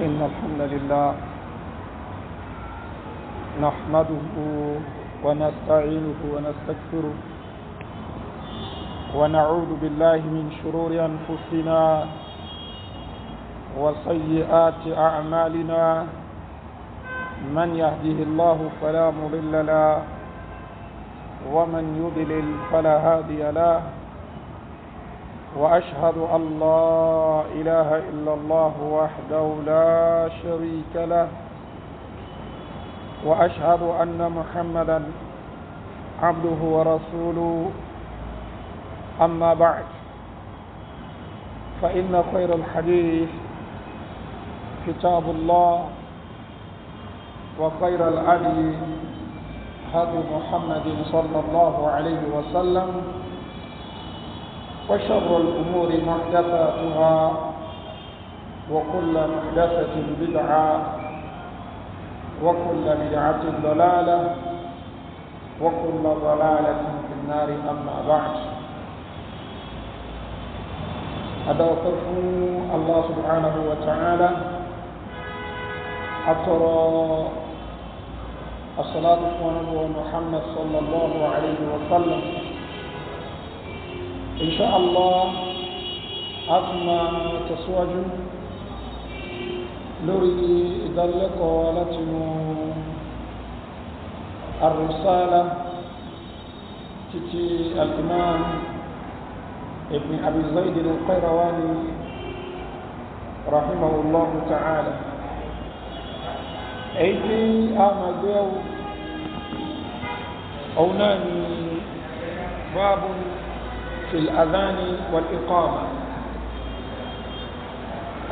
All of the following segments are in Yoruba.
إن الحمد لله نحمده ونستعينه ونستكفره ونعوذ بالله من شرور أنفسنا وسيئات أعمالنا من يهده الله فلا مضل له ومن يضلل فلا هادي له واشهد ان لا اله الا الله وحده لا شريك له واشهد ان محمدا عبده ورسوله اما بعد فان خير الحديث كتاب الله وخير الأدي هدي محمد صلى الله عليه وسلم وشر الأمور محدثاتها وكل محدثة بدعة وكل بدعة ضلالة وكل ضلالة في النار أما بعد هذا وقف الله سبحانه وتعالى أترى الصلاة والسلام على محمد صلى الله عليه وسلم إن شاء الله أتما تسواج لوري إذا lórí الرسالة تتي الإمام ابن أبي زيد القيرواني رحمه الله تعالى أيدي آمديو أو باب في الأذان والإقامة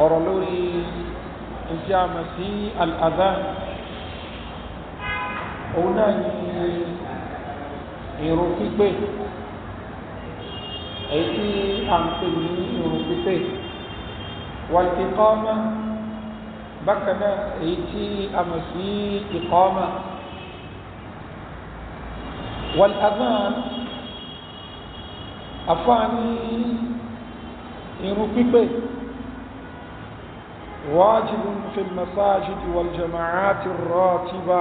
أرلوري إجامة الأذان أولاني ìrun pípé èyí tí a ń pè ní ìrun pípé wal iqama bákan náà èyí tí a mọ̀ sí iqama wal adhan àfáà ní irun pípé wájibun fi masajidi wal jama'ati ratiba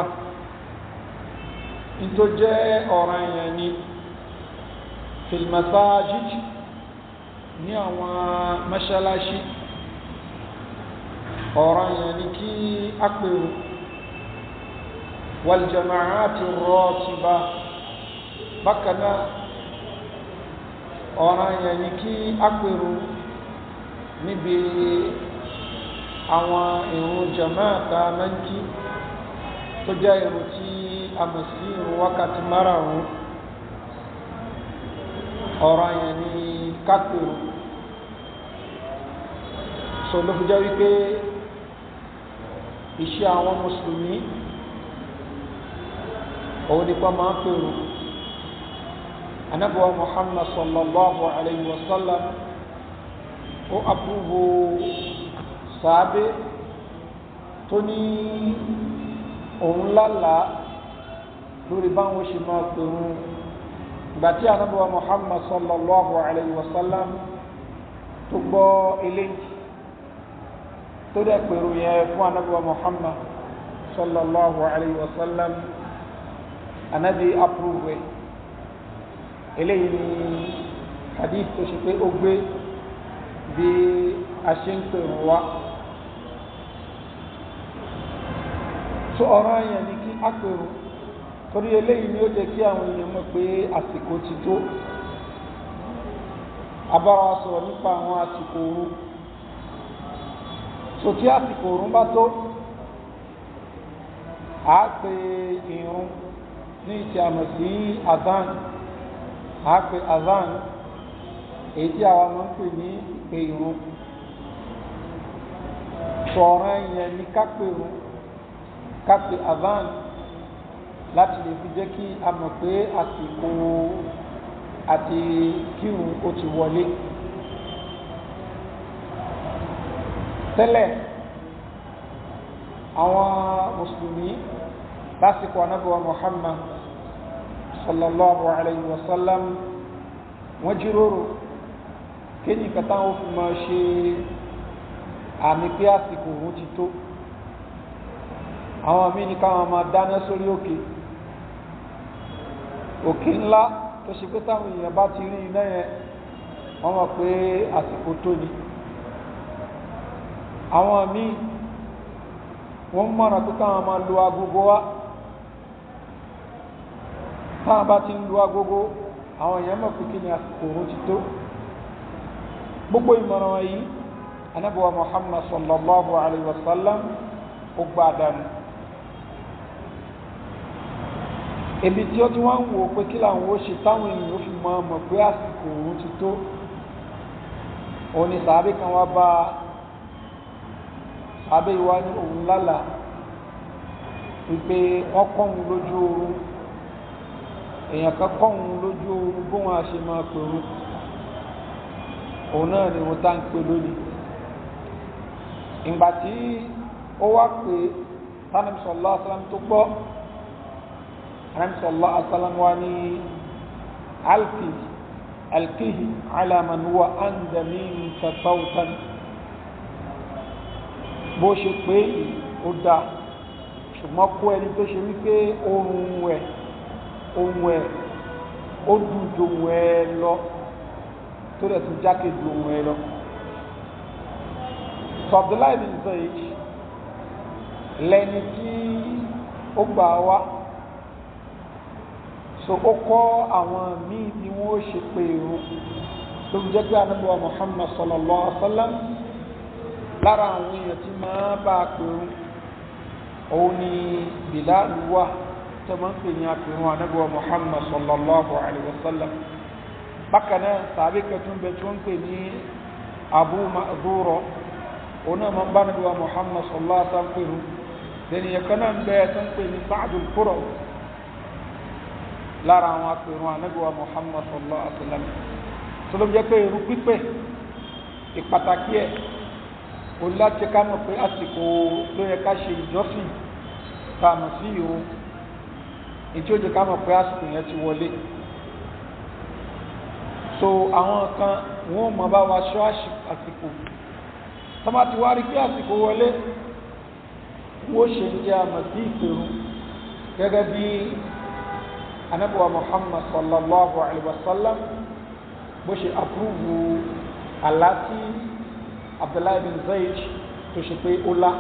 in tó jẹ́ ọ̀ranyàn ni fi masajidi ní àwọn mọ́ṣáláṣí ọ̀ranyàn ni kí a pèrò wal jama'ati ratiba ọ̀ràn yẹn ni kí apèrò níbi àwọn ìrun jamaata mẹ́ńkì tó jẹ́ ìrun tí a mọ̀ sí ìrun wákàtí márààrún ọ̀ràn yẹn ni kápèrò sọ ló fi jẹ́ wípé iṣẹ́ àwọn mùsùlùmí òun ni pa máa ń pèrò. anabuwa muhammad sallallahu alayhi wa sallam ó apúrúbù sàábé tó ní òun lálàá lórí báwọn ṣe máa pèrún ìgbà tí anabuwa muhammad sallallahu alayhi wa sallam tó gbọ́ eléyìí tó dẹ̀ pèrún yẹn fún anabuwa muhammad sallallahu alayhi wa sallam anabi apúrúbù ẹ̀ eléyìí ni hadith tó ṣe pé ó gbé bí a ṣe ń pè wọ́n wá tó ọ̀rọ̀ yẹn ni kí a pè wọ́n torí eléyìí ni ó jẹ́ kí àwọn èèyàn mọ̀ pé àsìkò ti tó abáwa sọ̀rọ̀ nípa àwọn àsìkò oorun so tí àsìkò oorun bá tó a pè irun ní ìtì àmọ̀ sí adán a pe azan èyí tí àwa máa ń pè ní ìpè irun sọ̀rọ̀ yẹn ní ká pe irun ká pe azan láti lè fi jẹ́ kí a mọ̀ pé àsìkò àti kírun ó ti wọlé. tẹ́lẹ̀ àwọn mùsùlùmí lásìkò anábọ̀wá Muhammad sallallahu alayhi wa sallam wọ́n jíròrò kí ni nǹkan táwọn fi máa ṣe àmì pé àsìkò òun ti tó àwọn míì ní káwọn máa dáná sórí òkè òkè ńlá tó ṣe pé táwọn èèyàn bá ti rí iná yẹn wọ́n mọ̀ pé àsìkò tó ni àwọn míì wọ́n mọ̀ràn pé káwọn máa lo agogo wá tá a bá ti ń lu agogo àwọn èèyàn mọ̀ pé kí ni àsìkò òun ti tó gbogbo ìmọ̀ràn yìí anábọ̀wá muhammad sallallahu alayhi wa sallam ó gbá dànù ebi tí ó ti wá ń wò pé kí làwọn ó ṣe táwọn èèyàn ó fi mọ̀ mọ̀ pé àsìkò òun ti tó òun ni sàábì kan wá bá sàábì wá ní òun lálàá wípé wọ́n kọ́ òun lójú oorun èèyàn kan kọ́ òun lójú oorun bó wọn ṣe máa pèrò òun náà ni wọn tá ń pè lónìí ìgbà tí ó wá pé tánàmísọ̀lá asálám tó gbọ́ tánàmísọ̀lá asálám wa ní alki alkihi alamanuwa andami nkatautan bó ṣe pé ó dáa ṣùgbọ́n kó ẹni tó ṣe wípé oorun rẹ̀ ohun ẹ̀ ó dùn ju ohun ẹ̀ lọ tó dẹ̀ tún jákè ju ohun ẹ̀ lọ. sọ̀bdùláì bin Zayd lẹ́ni tí ó gbà wá so ó kọ́ àwọn míì bí wọ́n ṣe pé irun tó jẹ́ pé anábọ̀ Muhammad sallallahu alaihi wasallam lára àwọn èèyàn tí máa bá a pèrún òun ni Bilal wà tọmọ pé ní àfihàn anábọ̀ Muhammad sallallahu alaihi wasallam bákan náà tàbí kẹtùn bẹ tí wọ́n pè ní Abu Ma'dhura òun náà máa ń bá anábọ̀ Muhammad sallallahu alaihi wasallam pè hù lẹ́nìyàn kan náà ń bẹ tó ń pè ní Sa'dul Qura lára àwọn àfihàn anábọ̀ Muhammad sallallahu alaihi wasallam tó ló jẹ́ pé irú pípẹ́ ìpàtàkì ẹ̀ òun láti pé àsìkò ló ká ṣe ìjọsìn tá sí ìhòòhò ìtí ó jẹ ká mọ̀ pé àsìkò yẹn ti wọlé so àwọn kan wọ́n mọ̀ bá wa ṣọ́ àsìkò tọ́mà ti wá rí pé àsìkò wọlé wọ́n ṣe ń jẹ́ àmọ̀ sí ìpẹ̀rún gẹ́gẹ́ bí anábọ̀wà Muhammad sallallahu alaihi wasallam bó ṣe àpúrúvù aláti Abdullahi bin Zayd tó ṣe pé ó lá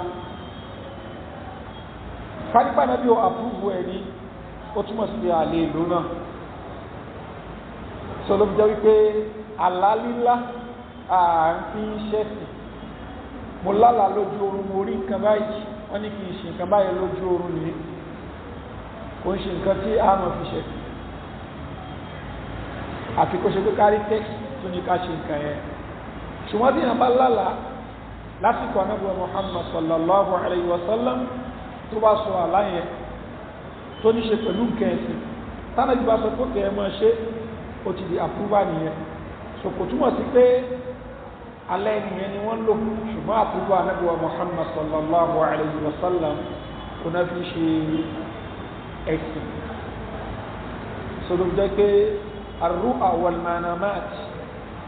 kárípà náà bí ó àpúrúvù ẹ̀ ní ó túmọ̀ sí àlè ìlú náà sọ ló fi jẹ́ wípé àlálílá àárín ṣẹ́sì mo lálà lójú oorun mo rí nǹkan báyìí wọ́n ní kì í ṣe nǹkan báyìí lójú oorun nìyí kò ń ṣe nǹkan tí a mọ̀ fi ṣẹ̀sì àti kó ṣe pé kárí text tó ní ká ṣe nǹkan yẹn ṣùgbọ́n tí yàn bá lálà lásìkò anábọ̀ Muhammad sallallahu alayhi wa sallam tó bá sọ àlá yẹn tó ní ṣe pẹ̀lú nǹkan ẹ̀sìn tánàbí bá sọ pé ẹ máa ṣe ó ti di àpúrúbà nìyẹn so kò túmọ̀ sí pé alẹ́ nìyẹn ni wọ́n lò ṣùgbọ́n àpúrúbà Ànábì wa Muhammad sallallahu alayhi wa sallam kò náà fi ṣe ẹ̀sìn so ló jẹ́ pé arru'a wal manamat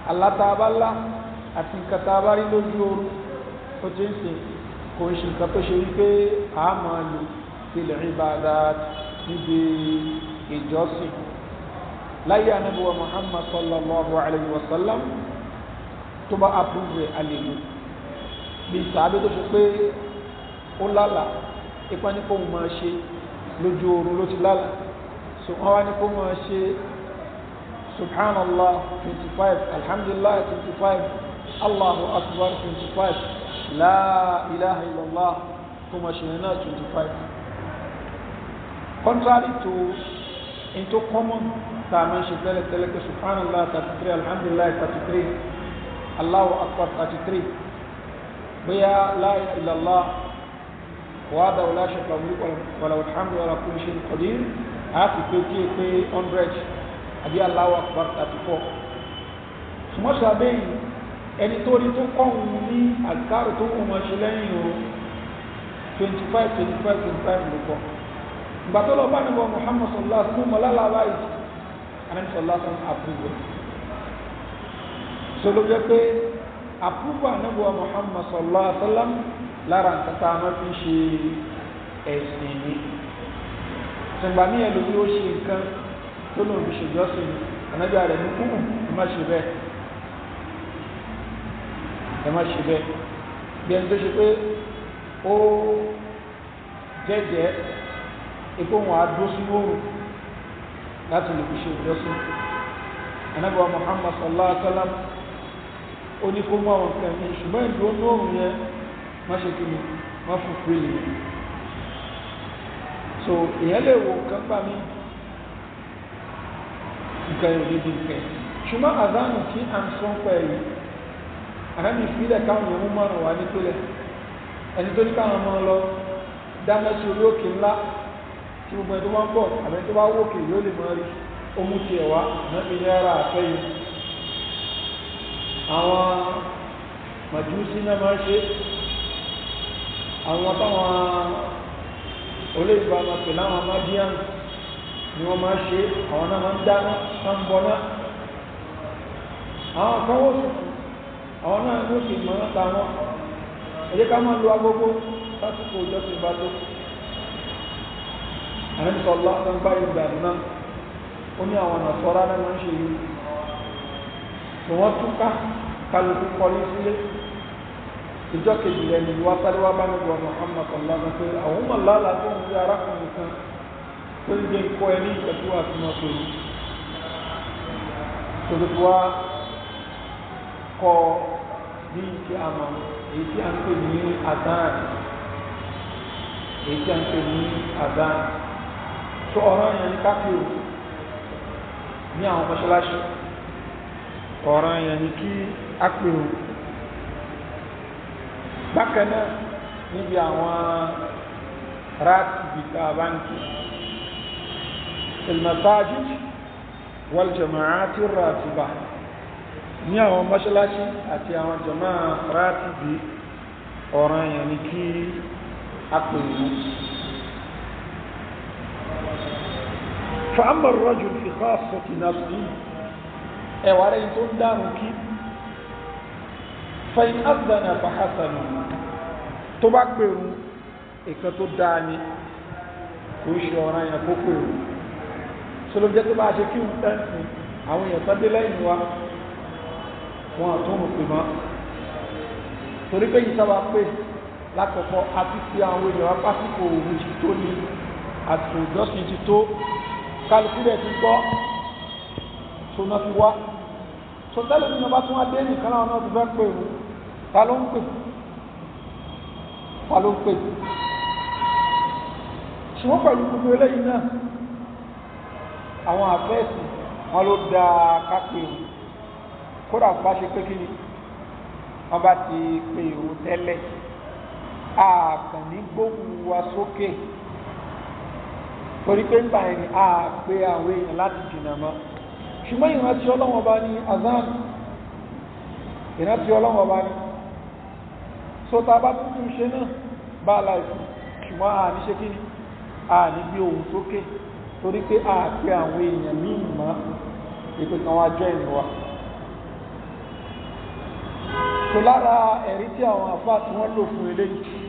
alátabálá àti nǹkan tá a lójú oorun ó ti ń sìn kò ń ṣe nǹkan tó ṣe wípé àá máa lò fil ibadat níbi ìjọsìn láyé anábíwá muhammad sallallahu alayhi wa sallam tó bá approve alèlú bí sàábé tó ṣe pé ó lálà ipa ní kó mo máa ṣe lójú oorun ló ti lálà so wọ́n ní kó máa ṣe subhanallah 25 alhamdulillah 25 allahu akbar 25 la ilaha illallah kó máa ṣe náà 25 contrary to into common tá a máa ń ṣe tẹ́lẹ̀ tẹ́lẹ̀ pé subhanallah thirty three alhamdulilayi thirty three allahu akbar thirty three bóyá la ilaha illallah wàhádà wala ṣẹ̀fà wúlò wàlà alhamdu wàlà kúrò ṣe ní kọ̀dí a ti pé kí pé hundred àbí allahu akbar thirty four ṣùgbọ́n ṣàbẹ́yìn ẹni tó rí tó kọ́hún ní àgbáàrò tó wọ́n máa o twenty five twenty five gbàtọ́lọ̀ bá nàbọ̀ Muhammad sallallahu alaihi wasallam mọ̀lálà báyìí anamí sallallahu alaihi wasallam àpúrúwẹ̀ sọlọ́jọ́ pé àpúrúwẹ̀ nàbọ̀ Muhammad sallallahu alaihi wasallam lára nǹkan tá a máa fi ṣe ẹ̀sìn ni tìǹbà ní ẹlòmí ó ṣe nǹkan tó lòun fi ṣèjọ́sìn ànábíà rẹ̀ ní kúrù ẹ má ṣe bẹ́ẹ̀ ẹ má ṣe bẹ́ẹ̀ bí ẹni tó ṣe pé ó jẹ́jẹ́ ipò wọn adúró sínú òòrùn láti lè fi ṣe ìjọsìn anábọ̀ Muhammad sallallahu alaihi wa sallam ó ní kó mú àwọn nǹkan ṣùgbọ́n ìdúró ní yẹn má ṣe kí ni so èèyàn lè wo nǹkan gbà mí nǹkan yóò dídí nǹkan ṣùgbọ́n àdánù tí à ń sọ ń pẹ́ yìí àmì ìfilẹ̀ káwọn ẹni tí gbogbo ẹni tó bá ń bọ̀ àbẹ́ tó bá wòkè yóò lè máa rí ohun ti ẹ̀ wá náà ilé ara àfẹ́yìn àwọn màjúsí náà máa ń ṣe àwọn táwọn olóyìnbó àwọn pẹ̀lú àwọn madian ni wọ́n máa ṣe àwọn náà máa ń dáná máa ń bọ́ná àwọn kan wọ́n sùn àwọn náà ló sì mọ́ ọ́n wọn ẹ̀yẹ́ ká máa lo agogo lásìkò ìjọsìn ìbátan àyẹ̀sọ̀ lásán bá ìgbàdù náà ó ní àwọn ọ̀nà sọ́ra náà máa ń ṣe yìí tí wọ́n túká kálukú kọlí sílé ìjọ kejì rẹ̀ ní wá sáré wá bá ní gbọ́ Muhammad ọ̀làgbọ́n pé àwọn ọmọ làálàá tó ń fi arákùnrin kan tó ń gbé nǹkọ́ ẹ ní ìtọ́jú àti mọ́ pé tòlùkù wa kọ bí ti àmọ́ èyí tí a ń pè ní àdáàn èyí tí a ń pè ní àdáàn tó ọ̀ràn yẹn ní káfíò ní àwọn mọ́ṣáláṣí ọ̀ràn yẹn ní kí á pè ó bákan náà níbi àwọn ráàtì bìtà báńkì ilmasajid wal jama'ati ratiba ní àwọn mọ́ṣáláṣí àti àwọn jama'a ráàtì bí ọ̀ràn yẹn ní kí á pè ó fàámà rọ́jò fi kọ́ àfọ̀tì náà sí ẹ̀wà rẹ̀ tó ń dáhùn kí fẹ́yìn azana fàhásánù tó bá pèrú ìkan tó dáa ni kò ṣe ọ̀ràn yẹn kó pèrú sọlọ́bí jẹ́ tó bá ṣe kí wọ́n tẹ́sìn àwọn èèyàn tán dé lẹ́yìn wa wọn àtúnrùn pè mọ́ torí pé yìí sábà pè lákọ̀ọ́kọ́ àti ti àwọn èèyàn apásíkò òun jì tó ní àti ìjọsìn ti tó kálukú dẹ̀ ti gbọ́ tó náà fi wá tó tẹ́lẹ̀ nínú bá tún wá dé nìkan náà náà ti fẹ́ pè wọ́n ta ló ń pè ta ló ń pè ṣùgbọ́n pẹ̀lú gbogbo eléyìí náà àwọn àfẹ́ẹ̀sì wọn ló dáa ká pè kódà bá ṣe pé kí ni bá ti pè wọ́n tẹ́lẹ̀ àkànní gbóhùn wa sókè. Okay torí pé nígbà yẹn ni a pe àwọn èèyàn láti jìnnà mọ́ ṣùgbọ́n ìrántí ọlọ́wọ́n bá ní azan ìrántí ọlọ́wọ́n bá ní sọta bá tuntun ṣe náà bá láìsí ṣùgbọ́n a ní ṣe kí ni a ní gbé ohun sókè torí pé a pe àwọn èèyàn míì mọ́ ìpè kan wá jẹ́ ìlú wa so lára ẹ̀rí tí àwọn àfáà tí wọ́n lò fún eléyìí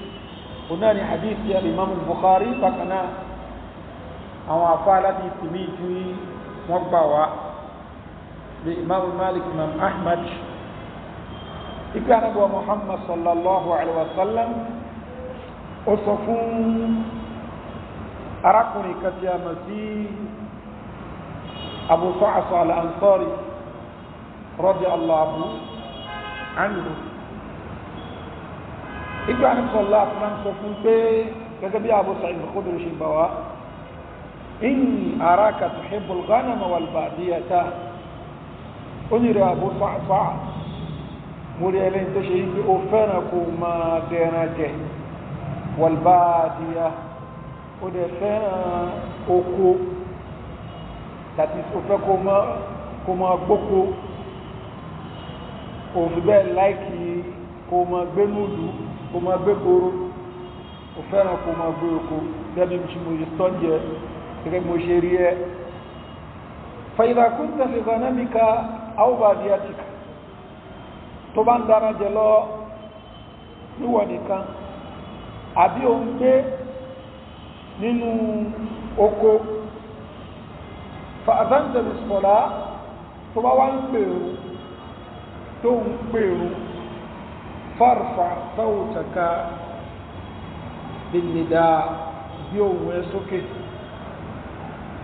òun náà ni hadith ti al-Imam al-Bukhari bákan náà àwọn afá láti ìtìmí tí wọ́n gbà wá bí imam malik imam ahmad ikú anábọ̀ muhammad sallallahu alaihi wa sallam ó sọ fún arákùnrin kan tí a mọ̀ sí abu sa'asa al-ansari radiyallahu anhu ikú anábọ̀ sallallahu alaihi sọ fún pé gẹ́gẹ́ bí abu sa'id al ṣe gbà wá inni araka tuhibbul ghanama wal badiyata onírẹ̀ Abu Sa'sa mo rí ẹlẹ́yìn tó ṣe yí pé ó fẹ́ràn kó máa dẹran jẹ wal badiya ó dẹ̀ fẹ́ràn oko that is ó fẹ́ kó máa kó máa gbóko kò fi bẹ́ẹ̀ láìkì kó máa gbé núdù kó máa gbé koro ó fẹ́ràn kó máa gbé oko gẹ́gẹ́ bí mo gẹ́gẹ́ mo ṣe rí ẹ fàyílákúntà fi zanamika albadiatica tó bá ń dára jẹ lọ níwọ̀n nìkan àbí o ń gbé nínú oko fàzánjẹ̀lì sọ̀lá tó bá wá ń pèrò tó ń pèrò farfa sáwòtaka bí nìdá bí ohun ẹ sókè okay.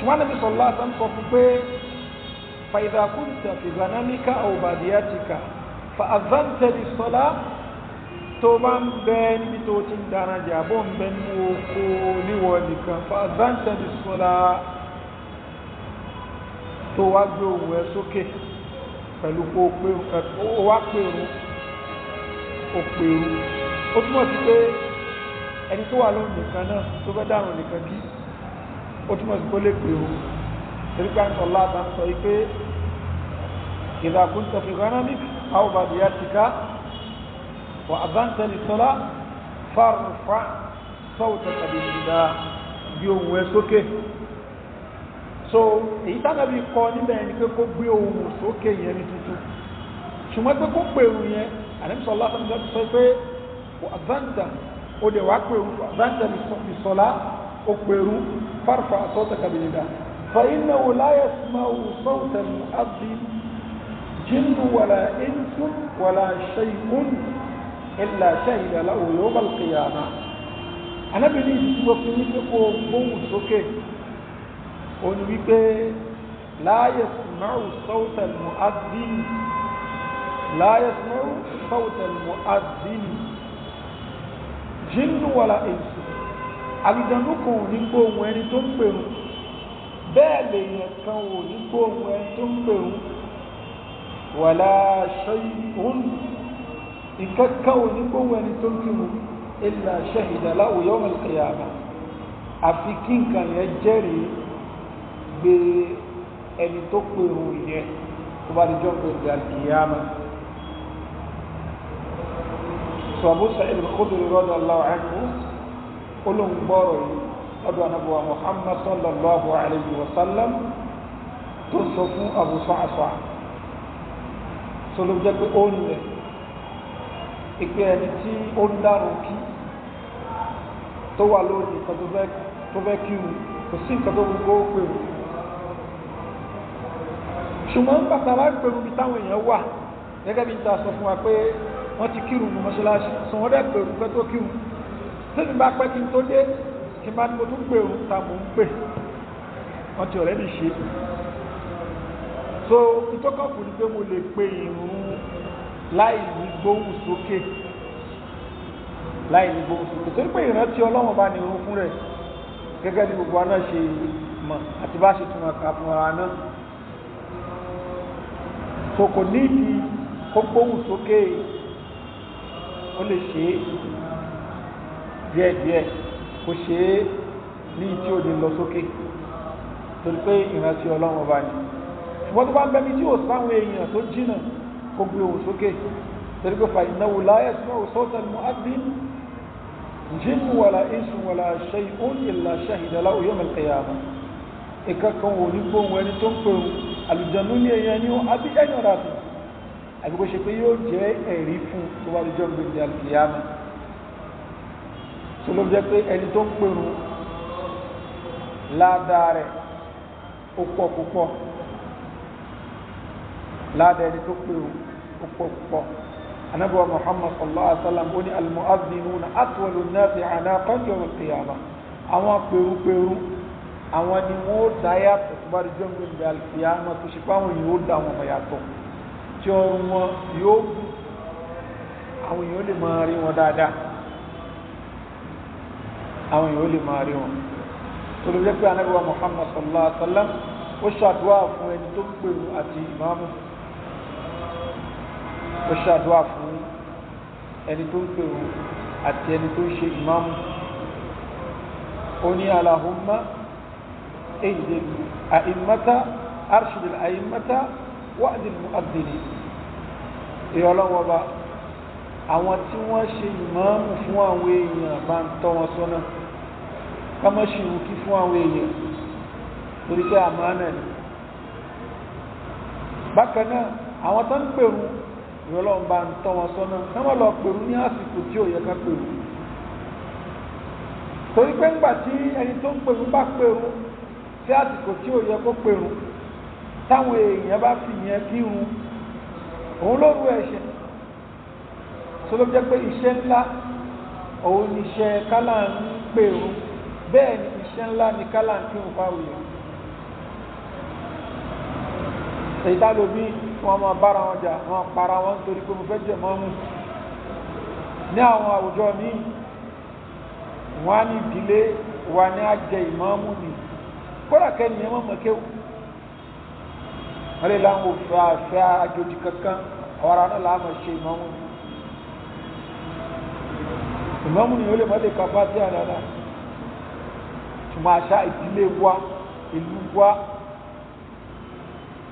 ṣùgbọ́n níbi sọ̀lá àti ń sọ fún pé fàìdà kúntà fi zanamika àwòbàdìyàtìkà fa àzántẹ̀lì sọ́lá tó bá ń bẹ níbi tó ti ń dára jẹ́ àbọ̀ ń bẹ ní oko níwọ̀ nìkan fa àzántẹ̀lì sọ́lá tó wá gbé ohùn ẹ sókè pẹ̀lú kó o wá pèrú o pèrú ó túmọ̀ sí pé ẹni tó wà lóhùn nìkan náà tó fẹ́ dárùn nìkan kí ó túmọ̀ sí kó lè pè ó torí pé àǹtọ̀ láta sọ pé ìdàkùn tọ̀fì gánàmì àwọn bàbá ìyá ti ká wà àbáǹtẹ̀lì sọ́lá fárùfà sọ́wọ́tọ̀ tàbí ìdá bí ohun ẹ sókè so èyí tánàbí kọ níbẹ̀ ni pé kó gbé ohun sókè yẹn ní tuntun ṣùgbọ́n pé kó pèrú yẹn àdẹ́mísọ́lá sọ́lá sọ pé wà àbáǹtẹ̀ ó dẹ̀ wá sọ́lá ó pẹ̀rú fárfà sọ́tà kàbìlìdà fa iná wò láyé sùmáwò sọ́tà àbí jinnu wàlá insu wàlá ṣẹ́yìn ilà ṣẹ́yìn aláwò yóò bá kìyàmá anábìrin ìdíjúwọ́ fi ní pé kó gbóhùn sókè ó ní wípé láyé sùmáwò sọ́tà àbí لا يسمع صوت المؤذن جن ولا إنس àlùjànnú kan ò ní gbóhùn ẹni tó ń pèrún bẹ́ẹ̀ lèèyàn kan ò ní gbóhùn ẹni tó ń pèrún wàlá ṣẹ́yìn ìkankan ò ní gbóhùn ẹni tó ń kírun illa shahida lahu yawm al àfi kí nǹkan yẹn jẹ́rìí gbé ẹni tó pèrún yẹn tó bá di jọ́ pé ìdàkìyàmà sọ̀bùsà ìlú kúndùrú radiyallahu anhu olóńgbọ́rọ̀ yìí lọ́dọ̀ anábọ̀ muhammad sallallahu alayhi wa sallam tó sọ fún abu sa'asa sọlọ́ jẹ́ pé ó ń lẹ̀ ìpé ẹni tí ó ń dárò kí tó wà lórí tó fẹ́ kí wù kò sí nǹkan tó gbogbo ó ṣùgbọ́n táwọn èèyàn wà gẹ́gẹ́ bí n ta sọ fún wa pé wọ́n ti kírun mọ́ṣáláṣí sọ wọ́n dẹ̀ pẹ́ tó kírun sẹ́ni bá pẹ́ kí n tó dé kí n bá ní mo tún pè òun ta mò ń pè wọ́n ti ọ̀rẹ́ mi ṣe so ìtọ́kọ̀kù ni pé mo lè pe ìrun láì ní gbóhùn sókè láì ní gbóhùn sókè torí pé ìrántí ọlọ́run bá ní irun fún rẹ̀ gẹ́gẹ́ bí gbogbo aná ṣe mọ̀ àti bá ṣe túnmọ̀ ká fún ara náà so kò ní ìdí kó gbóhùn sókè ó lè ṣe é díẹ̀díẹ̀ kó ṣe é ní tí ó ní lọ sókè torí pé ìrántí ọlọ́run ọba ni ṣùgbọ́n tó bá ń bẹ́mi tí ò sáwọn èèyàn tó jìnà kó gbé òun sókè torí pé fa ìnáwó láyé tí wọ́n sọ́ọ̀tà ní mu'adhdhin jinnu wala insu wala shay'un illa shahida lahu yawm tó ń pè ó àlùjànnú ní ṣe pé yóò jẹ́ ẹ̀rí fún tó bá lè jọ́ gbèdé al tó ló jẹ́ pé ẹni tó ń pèrò ládàá rẹ̀ ó pọ̀ púpọ̀ ládàá ẹni tó pèrò ó pọ̀ púpọ̀ anabuwa muhammad sallallahu alaihi wa sallam ó ní almu'adhdhinuna atwalu an-nasi 'anaqan yawm al-qiyamah àwọn pèrúpèrú àwọn ni wọ́n ó dá yàtọ̀ tó bá di jọ́ gbé ìgbé al-qiyamah tó ṣe fáwọn yìí ó dá wọn mọ̀ yàtọ̀ tí ọrùn wọn yóò àwọn èèyàn lè máa rí wọn dáadáa àwọn èèyàn lè máa rí wọn torí jẹ́ pé anábíwá Muhammad sallallahu alaihi wa sallam ó ṣàdúrà fún ẹni tó ń pèrò àti ìmáàmù ó ṣàdúrà fún ẹni tó ń pèrò àti ẹni tó ń ṣe ìmáàmù ó ní Allahumma اهدل أئمة أرشد الأئمة وأد المؤذنين ìrọ̀lọ́ wọn bá àwọn tí wọ́n ṣe ìmáàmù fún àwọn èèyàn bá ń tọ́ wọn sọ́nà ká má ṣe ìwò kí fún àwọn èèyàn torí pé àmánà ni bákan náà àwọn tó ń pèrú ìrọlọ́run bá ń tọ́ wọn sọ́nà ká má lọ pèrú ní àsìkò tí ò yẹ ká pèrú torí pé ńgbà tí ẹni tó ń pèrú bá pèrú sí àsìkò tí ò yẹ kó pèrú táwọn èèyàn bá fi yẹn kírun òun ló rú ẹ̀ṣẹ̀ tó ló jẹ́ pé iṣẹ́ ńlá òun níṣẹ́ kálá ń pèrú bẹ́ẹ̀ ni iṣẹ́ ńlá ni kálá ń tún fáwọn èèyàn ló bí wọn máa bára wọn jà wọn para wọn nítorí pé mo fẹ́ jẹ̀ mọ́ mú ní àwọn àwùjọ míì wọn á ní ìdílé wa ní àjẹ ìmáàmù ni kódà kẹ́ni ẹ̀ mọ́ mọ́kéwù wọ́n lè láwọn òfin àfẹ́ àjòjì kankan ọ̀rọ̀ náà làá máa ṣe ìmáàmù ni ìmáàmù ni ó lè má lè kápá sí àdáadáa ṣùgbọ́n àṣà ìdílé wa ìlú wa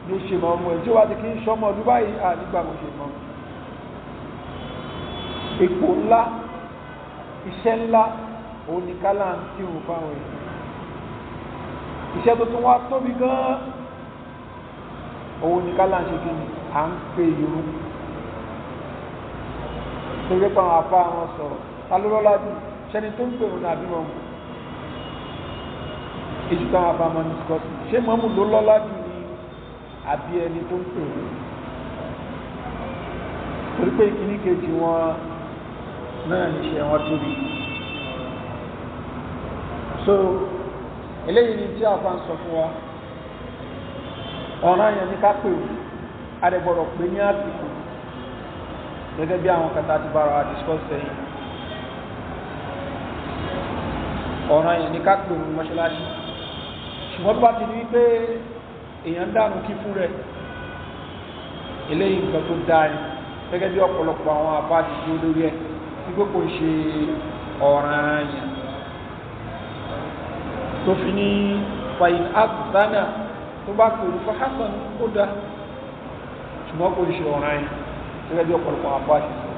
ní ṣe mọ́ ọmọ ẹ̀ tí ó wá ti kí ń ṣọmọ ọdún báyìí à nígbà mo ṣe mọ́ ipò ńlá iṣẹ́ ńlá òun ni kálá ń tí òun fáwọn èèyàn iṣẹ́ tuntun wa tóbi gan-an òun ni kálá ń ṣe kí ni à ń pè irun torí pé àwọn afá wọn sọ̀rọ̀ ta ló lọ́lá jù ṣẹni tó ń pè òun àbí wọn kù èjì táwọn abámọ́ ní sọ́ọ̀tì ṣé mọ́mù ló lọ́lá jù ní àbí ẹni tó ń pè é torí pé ìkíní kejì wọn náà ní ṣe wọn tóbi so eléyìí ni tí àfa ń sọ fún wa ọ̀ràn yẹn ní ká pè ó adẹ̀gbọ̀rọ̀ pé ní àsìkò gẹ́gẹ́ bí àwọn kata ti bára wa discuss sẹ́yìn ọ̀ràn yẹn ní ká pè ó mọ́ṣáláṣí ṣùgbọ́n bá ti ní pé èèyàn dànù kí fún rẹ̀ eléyìí nǹkan tó dáa ni gẹ́gẹ́ bí ọ̀pọ̀lọpọ̀ àwọn àbá ti dúró lórí ẹ̀ wípé kò ṣe ọ̀ràn yẹn tó fi ní fain azana tó bá pè olùkọ́ hasan ó dá ṣùgbọ́n kò ṣe ọ̀ràn yẹn gẹ́gẹ́ bí ọ̀pọ̀lọpọ̀ àbá ti sọ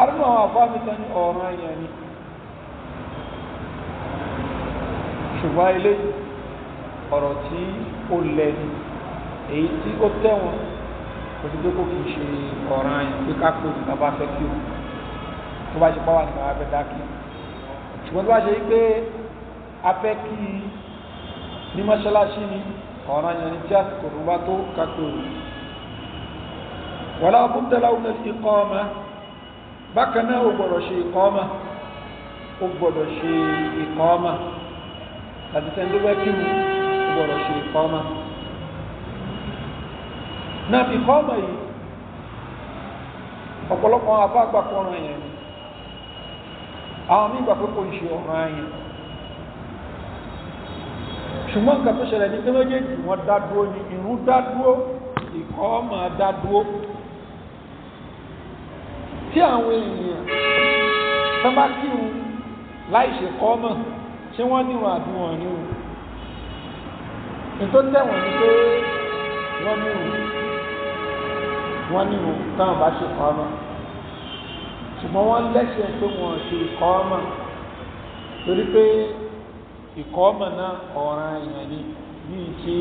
àrùn àwọn àbá mi tán ní ọ̀ràn yẹn ni ṣùgbọ́n eléyìí ọ̀rọ̀ tí ó lẹ́nu èyí tí ó tẹ̀wọ̀n kò sí pé kò kì í ṣe ọ̀ràn àyàn pé ká kó ìgbà bá fẹ́ kí o tó bá ṣe pàwọn àgbà abẹ́ dákì ṣùgbọ́n tó bá ṣe pé a kí i ní mọ́ṣáláṣí ni ọ̀ràn àyàn tí àsìkò tó bá tó ká kó o wọ́n láwọn búdá láwọn ní ikọ́ ọmọ bákan náà ó gbọ́dọ̀ ṣe ikọ́ ọmọ ó gbọ́dọ̀ ṣe ikọ́ ọmọ àti tẹ́ńdúgbẹ́ kí wọ́n. gbọ́dọ̀ ṣe ìkọ́mà náà fi kọ́mà yìí ọ̀pọ̀lọpọ̀ afágbà kọ́ran yẹn ni àwọn míì gbà pé kò ń ṣe ọ̀ràn yẹn ṣùgbọ́n nǹkan tó ṣẹlẹ̀ ní pé méjèèjì wọ́n dá dúró a ìrun dá dúró ìkọ́mà dá dúró tí àwọn èèyàn tán bá ètò tẹ̀wọ̀n ni pé wọ́n ní ìwò wọ́n ní ìwò táwọn bá ṣe kọ́ ọmọ ṣùgbọ́n wọ́n lẹ́sẹ̀ pé wọ́n ṣe ìkọ́ ọmọ torí pé ìkọ́ ọmọ náà ọ̀ràn èèyàn ni bíi tí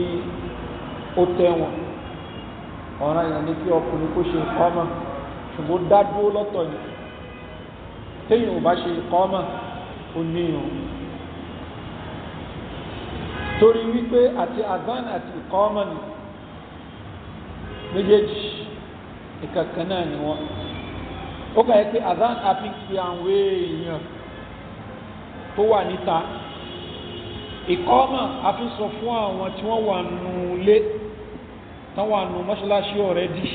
ó kí ọkùnrin torí wípé àti adhan àti ìkọ́ọ́mọ̀ ni méjèèjì ìkàkàn náà ni wọ́n ó kà yẹ pé adhan àfi fi àwọn èèyàn tó wà níta ìkọ́ọ́mọ̀ àfi sọ fún àwọn tí wọ́n wà nù lé tán wà nù mọ́ṣáláṣí already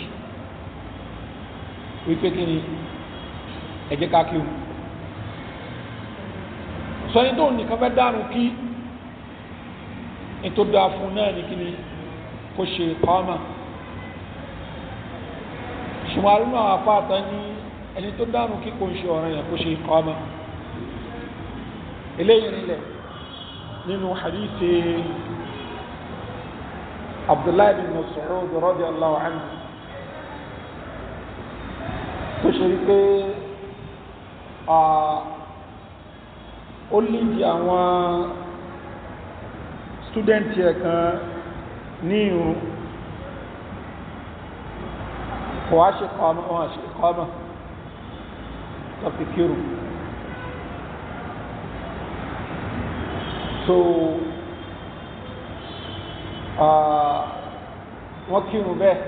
wípé kí ni ẹ̀jẹ̀ ká kí o sọ ní tó nìkan fẹ́ dànù kí nítorí dáa fún náà ní kí ni kó ṣe ìpamọ́ ṣùgbọ́n alúnà àpáàtà ní ẹni tó dánù kí kò ń ṣe ọ̀rọ̀ yẹn kó ṣe ìpamọ́ eléyìí rinlẹ̀ nínú hadithi abdullahi bin Mas'ud radiyallahu anhu tó ṣe wípé ó lídìí àwọn stúdẹ̀ntì ẹ̀kan ní ìrún kò wá ṣe kọ́ ọmọ tọ́pìkìrù so wọ́n kírun bẹ́ẹ̀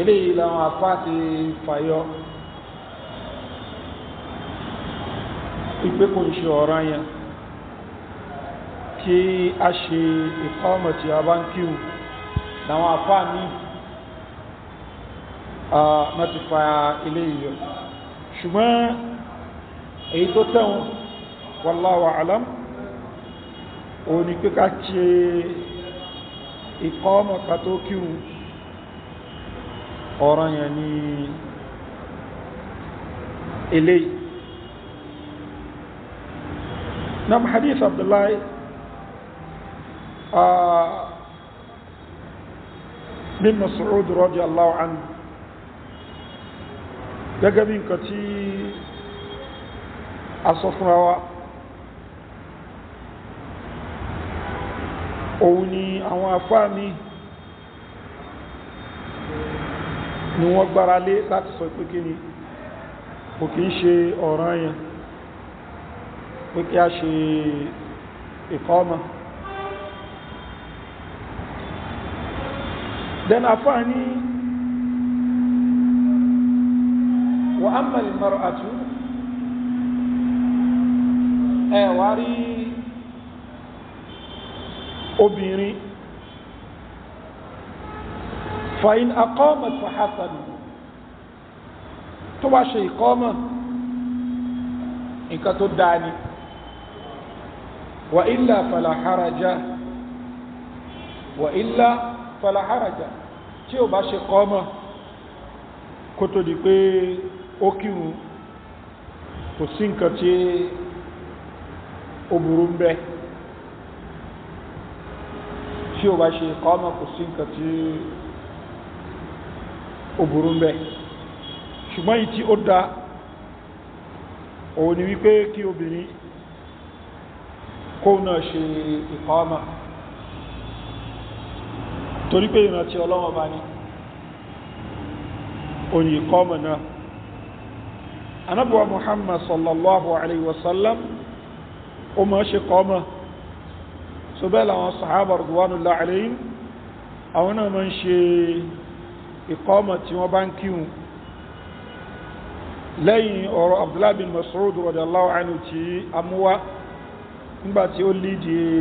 eléyìí làwọn apá ti fàyọ ìpé kò ń ṣe ọ̀ranyàn tí a ṣe ìkọ́mọ̀ tí a bá ń kíhù láwọn afá ní mẹ́tìfà ilé ìyọ̀ ṣùgbọ́n èyí tó tẹ́wọ̀n wallahu alam o ní pé ká ṣe ìkọ́mọ̀ ká tó kíhù ọ̀rọ̀ yẹn ni ilé nam hadith abdullahi bin Mas'ud radiyallahu anhu gẹ́gẹ́ bí nǹkan tí a sọ fúnra wa òun ni àwọn àfáà mi ni wọ́n gbára lé láti sọ pé kíni kò kí ń ṣe ọ̀ranyàn pé kí a ṣe ìkọ́mọ̀ e then àfáàní wà á mẹ́lì mọ́rọ̀ àtú ẹ̀ wá rí obìnrin fàyín akọ́mọ̀ fàhásánù tó bá ṣe ìkọ́mọ̀ nǹkan tó dáa ni wà ilà fàlàhárajá wà ilà fàlàhárajá tí ò bá ṣe kọ́ mọ̀ kó tó di pé ó kírun kò sí nǹkan tí ó burú ń bẹ tí ò bá ṣe kọ́ mọ̀ kò sí nǹkan tí ó burú ń bẹ ṣùgbọ́n yìí tí ó da òun ni wípé kí obìnrin kó náà ṣe ìkọ́ mọ̀ torí pé ìrántí ọlọ́wọ́n bá ní oyin kọ́mọ̀ náà anábùwà muhammad sallallahu alayhi wa sallam ó mọ̀ ṣe kọ́mọ̀ so bẹ́ẹ̀ làwọn sahaba radwanullahi alayhim àwọn náà mọ̀ ń ṣe ìkọ́mọ̀ tí wọ́n bá ń kíhun lẹ́yìn ọ̀rọ̀ abdullahi bin mas'ud radiyallahu anhu tí amúwá nígbàtí ó lídìí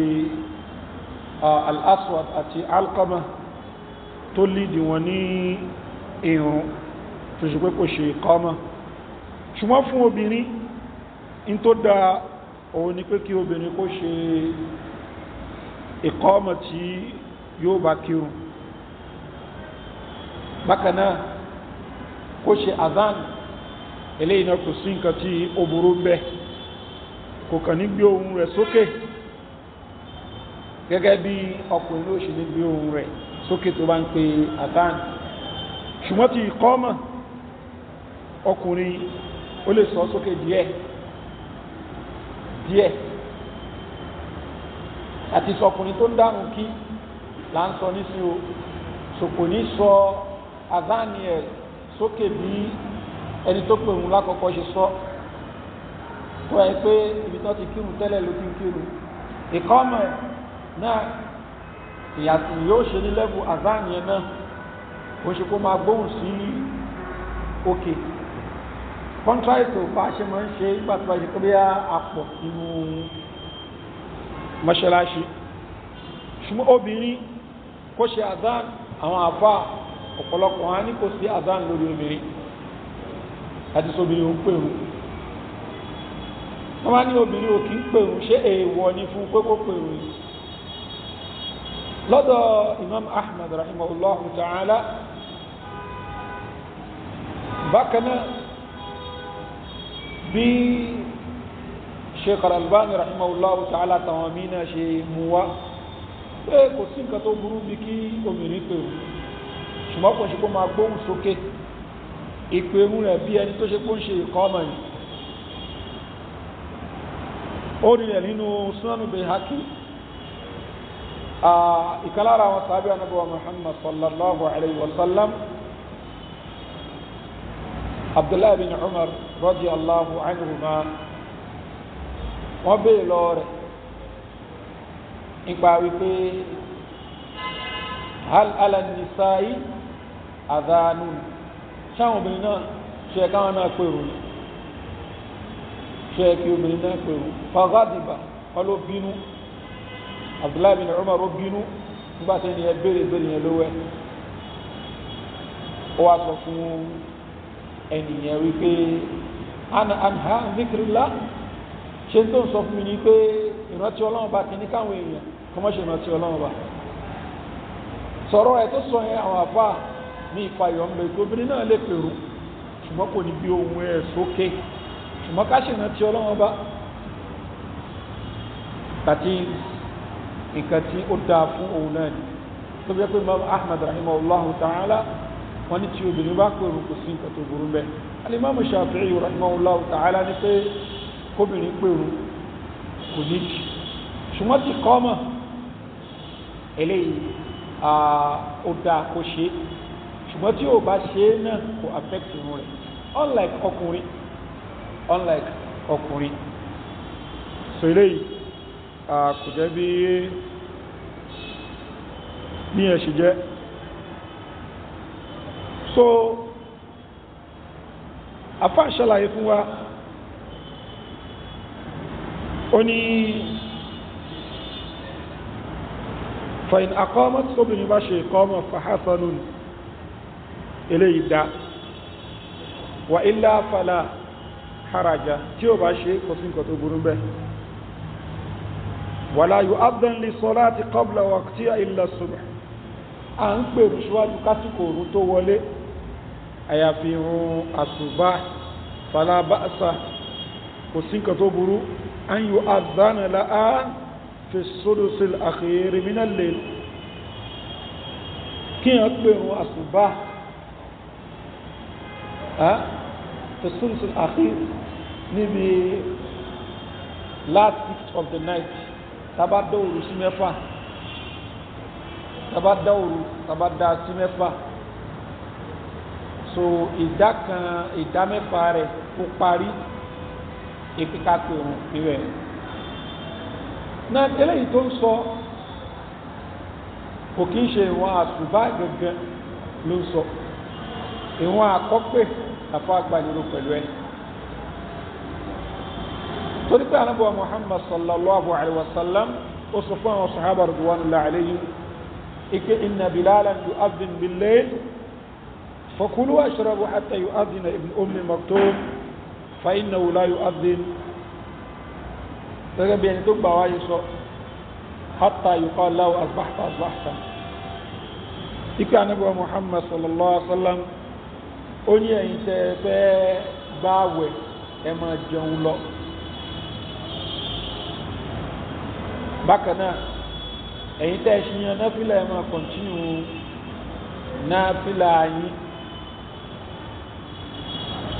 al-aswad àti alqama tó lìdí wọn ní irun tó ṣe pé kò ṣe ìkọ́mọ̀ ṣùgbọ́n fún obìnrin in tó dá òun ni pé kí obìnrin kó ṣe ìkọ́mọ̀ tí yóò bá kírun bákan kó ṣe azan eléyìí náà kò sí nǹkan tí ó burú kò kàn ní gbé ohùn rẹ̀ sókè okay gẹ́gẹ́ bí ọkùnrin ló ṣe nígbé ohun rẹ̀ sókè tó bá ń pe adán ṣùgbọ́n ti ìkọ́mọ̀ ọkùnrin ó lè sọ sókè díẹ̀ díẹ̀ àti sọkùnrin tó ń dáhùn kí là ń sọ nísìn o sọ adán sókè bí ẹni tó pè òun lákọ̀ọ́kọ́ ṣe sọ kó ẹ pé ibi tán ti kírun tẹ́lẹ̀ ló ti ń kírun ìkọ́mọ̀ ẹ̀ náà ìyàtì yóò ṣe ní lẹ́bù azan yẹn náà ó ṣe kó máa gbóhùn sí òkè contrary to bá a ṣe máa ń ṣe ìgbà tó bá ṣe pé bá a pọ̀ nínú mọ́ṣáláṣí ṣùgbọ́n obìnrin kó ṣe azan àwọn àfa ọ̀pọ̀lọpọ̀ wọn á ní kò sí azan lórí obìnrin àti sóbìnrin ò ń pèrò wọ́n bá ní obìnrin ò kí ń pèrò ṣé èèwọ̀ ni fún pé kó pèrò yìí lọ́dọ̀ imam ahmed rahimahullahu ta'ala bákanáà bí sheikh al-albani rahimahullahu ta'ala tàwọn mìíràn ṣe mú wá pé kò sí nǹkan tó burú bí kí obìnrin pèrò ṣùgbọ́n kò ṣe kó máa gbóhùn sókè ìpèrú rẹ̀ bí ẹni tó ṣe kó ń ṣe ìkọ́ ọmọ yìí ó rí rẹ̀ nínú sunanu bihaki Ah, ìkàlára àwọn sàábẹ́ anábọ̀wà muhammad sallallahu alayhi wa sallam abdullahi bin umar radiyallahu anhuma wọ́n béè lọ rẹ̀ nípa wípé hal ala nisa'i adhanun sáwọn obìnrin náà ṣe káwọn náà pèrò ni ṣe kí obìnrin náà pèrò fagadiba ọlọ́bínú abdullahi bin umar bínú nígbà tí ẹni ẹ béèrè béèrè yẹn lówẹ ó wá sọ fún ẹnìyẹn wípé ana anha zikirila ṣe tó ń sọ fún mi ni pé ìrántí ọlọ́run bá ti ní káwọn èèyàn kọ́mọ́ṣẹ́ ìrántí ọlọ́run bá sọ̀rọ̀ ẹ̀ tó sọ yẹn àwọn àfa ní ìfàyọ̀ ń bẹ tó obìnrin náà lè pèrò ṣùgbọ́n kò ní bí ohun ẹ̀ sókè ṣùgbọ́n ká ṣèrántí ọlọ́run bá nǹkan tí ó dáa fún òun náà ni tó bí pé imam ahmed rahimahullahu ta'ala wọ́n ní tí obìnrin bá pèrò kò sí nǹkan tó burú bẹ́ẹ̀ alimamu shafi'i rahimahullahu ta'ala ní pé kóbìnrin pèrò kò ní jì ṣùgbọ́n ti kọ́ mọ̀ eléyìí ó dáa kó ṣe é ṣùgbọ́n tí ó bá ṣe é náà kò affect irun rẹ̀ unlike ọkùnrin unlike ọkùnrin so eléyìí kò jẹ́ bí ní ẹ̀ṣì jẹ́ so afá ṣàlàyé fún wa ó ní fàyín àkọ́mọ́ tí obìnrin bá ṣe ìkọ́mọ́ fàhásánù eléyìí dá wà ilá fàlà haraja tí ó bá ṣe kò nǹkan tó burú bẹ́ẹ̀ wàlá yu'adhan li salati qabla waqtiha illa subh à ń pèrò síwájú kásìkò òru tó wọlé àyàfi irun àsùbá fala ba'sa kò sí nǹkan tó burú an yu'adhana laha fi sudusil akhir minal layl kí yàn pèrò àsùbá fi sudusil akhir níbi last six of the night tába dá òru sí mẹ́fà tába dá òru tába dá sí mẹ́fà so ìdá kan ìdá mẹ́fà rẹ̀ kó parí ìpíkà pé òun ìrẹ̀ náà eléyìí tó ń sọ kò kí ń ṣe ìwọ̀n àsùbá gẹ́gẹ́ ló ń sọ ìwọ̀n àkọ́pẹ́ àfọ́ àgbàlérò pẹ̀lú ẹni torí pé anábọ̀ muhammad sallallahu alaihi wa sallam ó sọ fún àwọn sahaba ridwanullahi alayhi ike inna bilalan yu'adhin bil-layl fakulu washrabu hatta yu'adhina ibn ummi maktum fa innahu la yu'adhin gẹ́gẹ́ bí ẹni tó gbà wáyé sọ hatta yuqal lahu asbahta asbahta ike anábọ̀ muhammad sallallahu alaihi wa sallam ó ní ẹ̀yin tẹ́ fẹ́ gbáwẹ̀ ẹ máa jẹun lọ bákan náà ẹ̀yin tẹ́ ẹ ṣe yan náfìlà ẹ̀ máa kọ̀ntínú náfìlà yín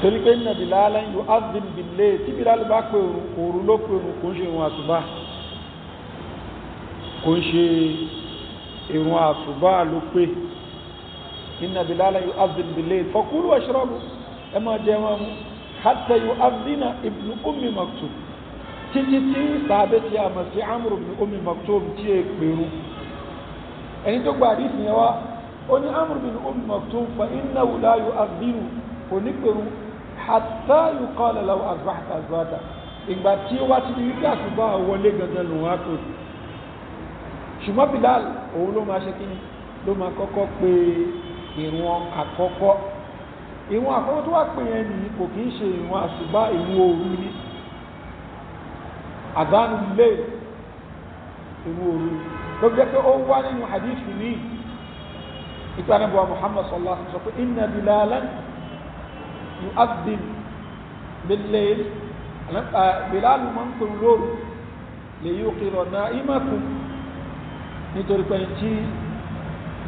torí pé nàbí lálẹ́ yóò ásdìn bìlé tí bílálì bá pè òru ló pè òru kò ń ṣe ìrun àsùbá kò ń ṣe ìrun àsùbá ló pè nàbí lálẹ́ yóò ásdìn bìlé fọkúrú ẹ̀ṣọ́rọ́bù ẹ máa jẹ́ wọn mú hàtẹ́ yóò ásdìn ibnu ummi maktub títí tí sàbẹ tí a mọ̀ sí amúrò ní omi maktoum tí è pèrú ẹni tó gba àdìsí yẹn wá ó ní amúrò ní omi maktoum fa iná wùláyò azbínú kò ní pèrú hatta yóò kọ́ ọ lọ́wọ́ azbáhàtà azbáhàtà ìgbà tí ó wá ti di wípé àsùbá wọlé gangan lòun á pè ṣùgbọ́n Bilal òun ló máa ṣe kí ni ló máa kọ́kọ́ pe ìrun àkọ́kọ́ ìrun àkọ́kọ́ tó wá pè yẹn nìyí kò kí ń ṣe ìrun àsùbá ìrun òru ni àdánù lè inú òru ló jẹ́ pé ó wá nínú hadithi ní ìtànàbọ̀ Muhammad sallallahu alaihi wasallam sọ pé inna Bilalan yu'adhdhin bil-layl Bilal máa ń pèrò lóru lè yóò kérò na'imakum nítorí pé tí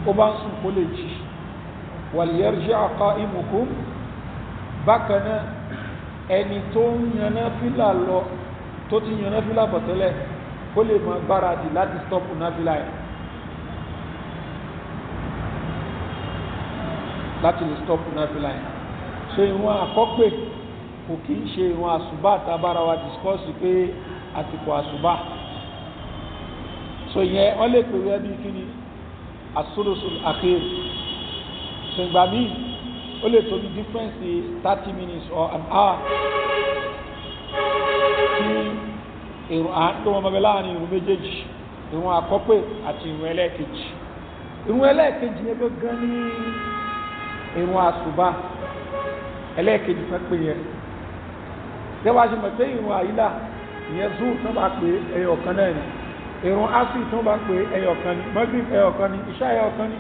ó bá ń sùn kó lè jí wal yarji'a qa'imukum bákan náà ẹni tó ń yaná fílà lọ tó ti yan náfìlà bọ̀ tẹ́lẹ̀ kó lè mọ gbáradì láti stọ́pù náfìlà yẹn láti lè stọ́pù náfìlà yẹn so ìwọ̀n àkọ́pè kò kí ń ṣe ìwọ̀n àsùbá tábára wa discourse pé àsìkò àsùbá so yẹn wọ́n lè pè wẹ́ bí kíni asúlùsùn àkèrè so ìgbà míì ó lè tóbi difference thirty minutes or an hour ìrun à ń tó wọn bẹ láàrin ìrun méjèèjì ìrun àkọ́pẹ́ àti ìrun ẹlẹ́ẹ̀kejì ìrun ẹlẹ́ẹ̀kejì yẹn gángan ní ìrun àsùbá ẹlẹ́ẹ̀kejì fẹ́ pé yẹn gẹ́gbà ṣe mọ̀ pé ìrun àyílà ìyẹn zoo tó bá pé ẹyọ kan náà ni ìrun asi tó bá pé ẹyọ kan ni magrib ẹyọ kan ni ìṣá ẹyọ kan ni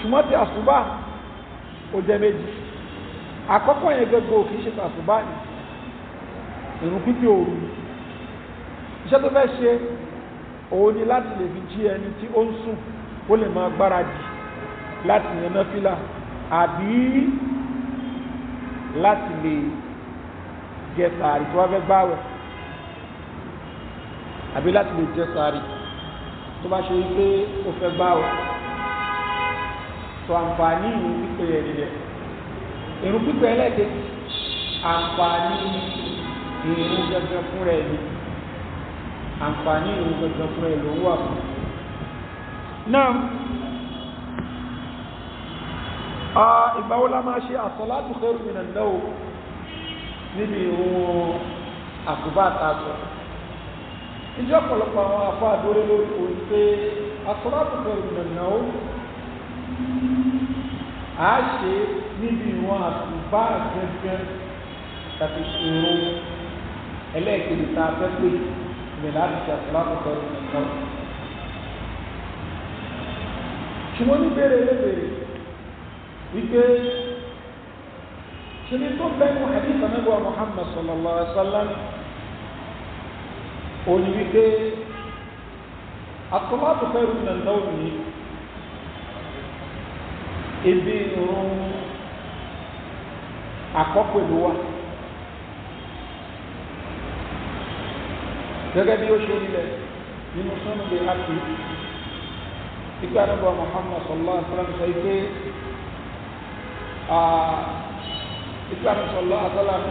ṣùgbọ́n ti àsùbá ó jẹ méjì àkọ́kọ́ yẹn gẹ́gẹ́ òkè ṣe tàṣùbá ni ìrun pípé òru ni iṣẹ́ tó fẹ́ ṣe òun ni láti lè fi jí ẹni tí ó ń sùn ó lè máa gbáradì láti yan náfìlà àbí láti lè jẹ sàárì tó wá fẹ́ gbáwẹ̀ àbí láti lè jẹ sàárì tó bá ṣe pé ó fẹ́ gbáwẹ̀ tó àǹfààní ìrun pípẹ́ yẹn nìyẹn ìrun pípẹ́ ẹlẹ́ẹ̀kejì àǹfààní ìrun gẹ́gẹ́ fún rẹ̀ nìyẹn àǹfààní ìlú gbogbo fún ẹ̀ ló wà fún náà a ìgbàwó la máa ṣe àsọ̀látù kẹrù mìíràn náà níbi ìwọ̀n àkùbá àtàtọ̀ ìjọ ọ̀pọ̀lọpọ̀ àwọn afọ àdórí lórí kò ń pé àsọ̀látù kẹrù mìíràn náà a ṣe níbi ìwọ̀n àkùbá gẹ́gẹ́ tàbí ìṣòro ẹlẹ́ẹ̀kejì tá pé ìgbẹ̀ láti ṣe àfúlápùtọ́ ìgbẹ̀kan ṣùgbọ́n ní bèèrè lébèrè wípé ṣe ní tó bẹ́nu hadith anábọ̀ Muhammad sallallahu alaihi wasallam ó ní wípé àfúlápùtọ́ ìgbẹ̀kan ní ebi ìrún àkọ́pẹ̀lú wa gẹ́gẹ́ bí ó ṣe nílẹ̀ nínú sọ́nù bíi àti ìgbà nígbà Muhammad sallallahu alaihi wasallam sọ pé ah, ìgbà nígbà sallallahu alaihi wasallam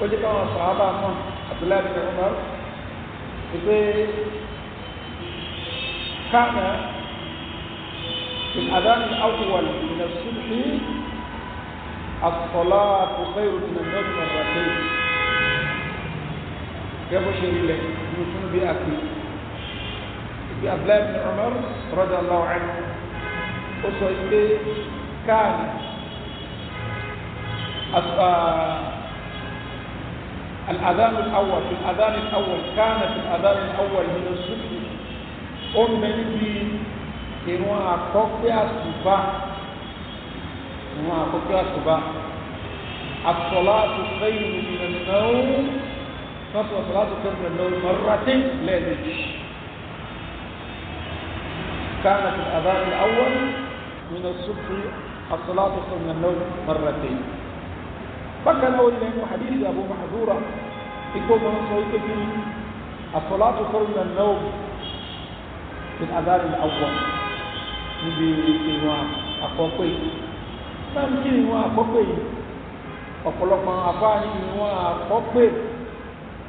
ó jẹ́ káwọn sàábà náà Abdullahi bin Umar pé kánà الأذان الأول من الصبح الصلاة خير من النوم مرتين gẹ́gbọ́ ṣe rí lẹ̀ ní fún bí àpè ibi Abdullahi bin Umar radiyallahu anhu ó sọ pé káàní الأذان الأول في الأذان الأول كان في الأذان الأول من الصبح أم بنتي ìrun àkọ́kọ́ àsùbá ìrun àkọ́kọ́ àsùbá as-salatu khayrun minan nawm خطوة صلاة الفجر النوم مرتين لا كانت الأذان الأول من الصبح الصلاة أكثر النوم مرتين بقى نقول لهم حديث أبو محذورة يقول من صويت الصلاة أكثر النوم في الأذان الأول نبي نوع àkọ́kọ́ ما يمكن نوع ni أقول àkọ́kọ́ أفاني نوع àbáyé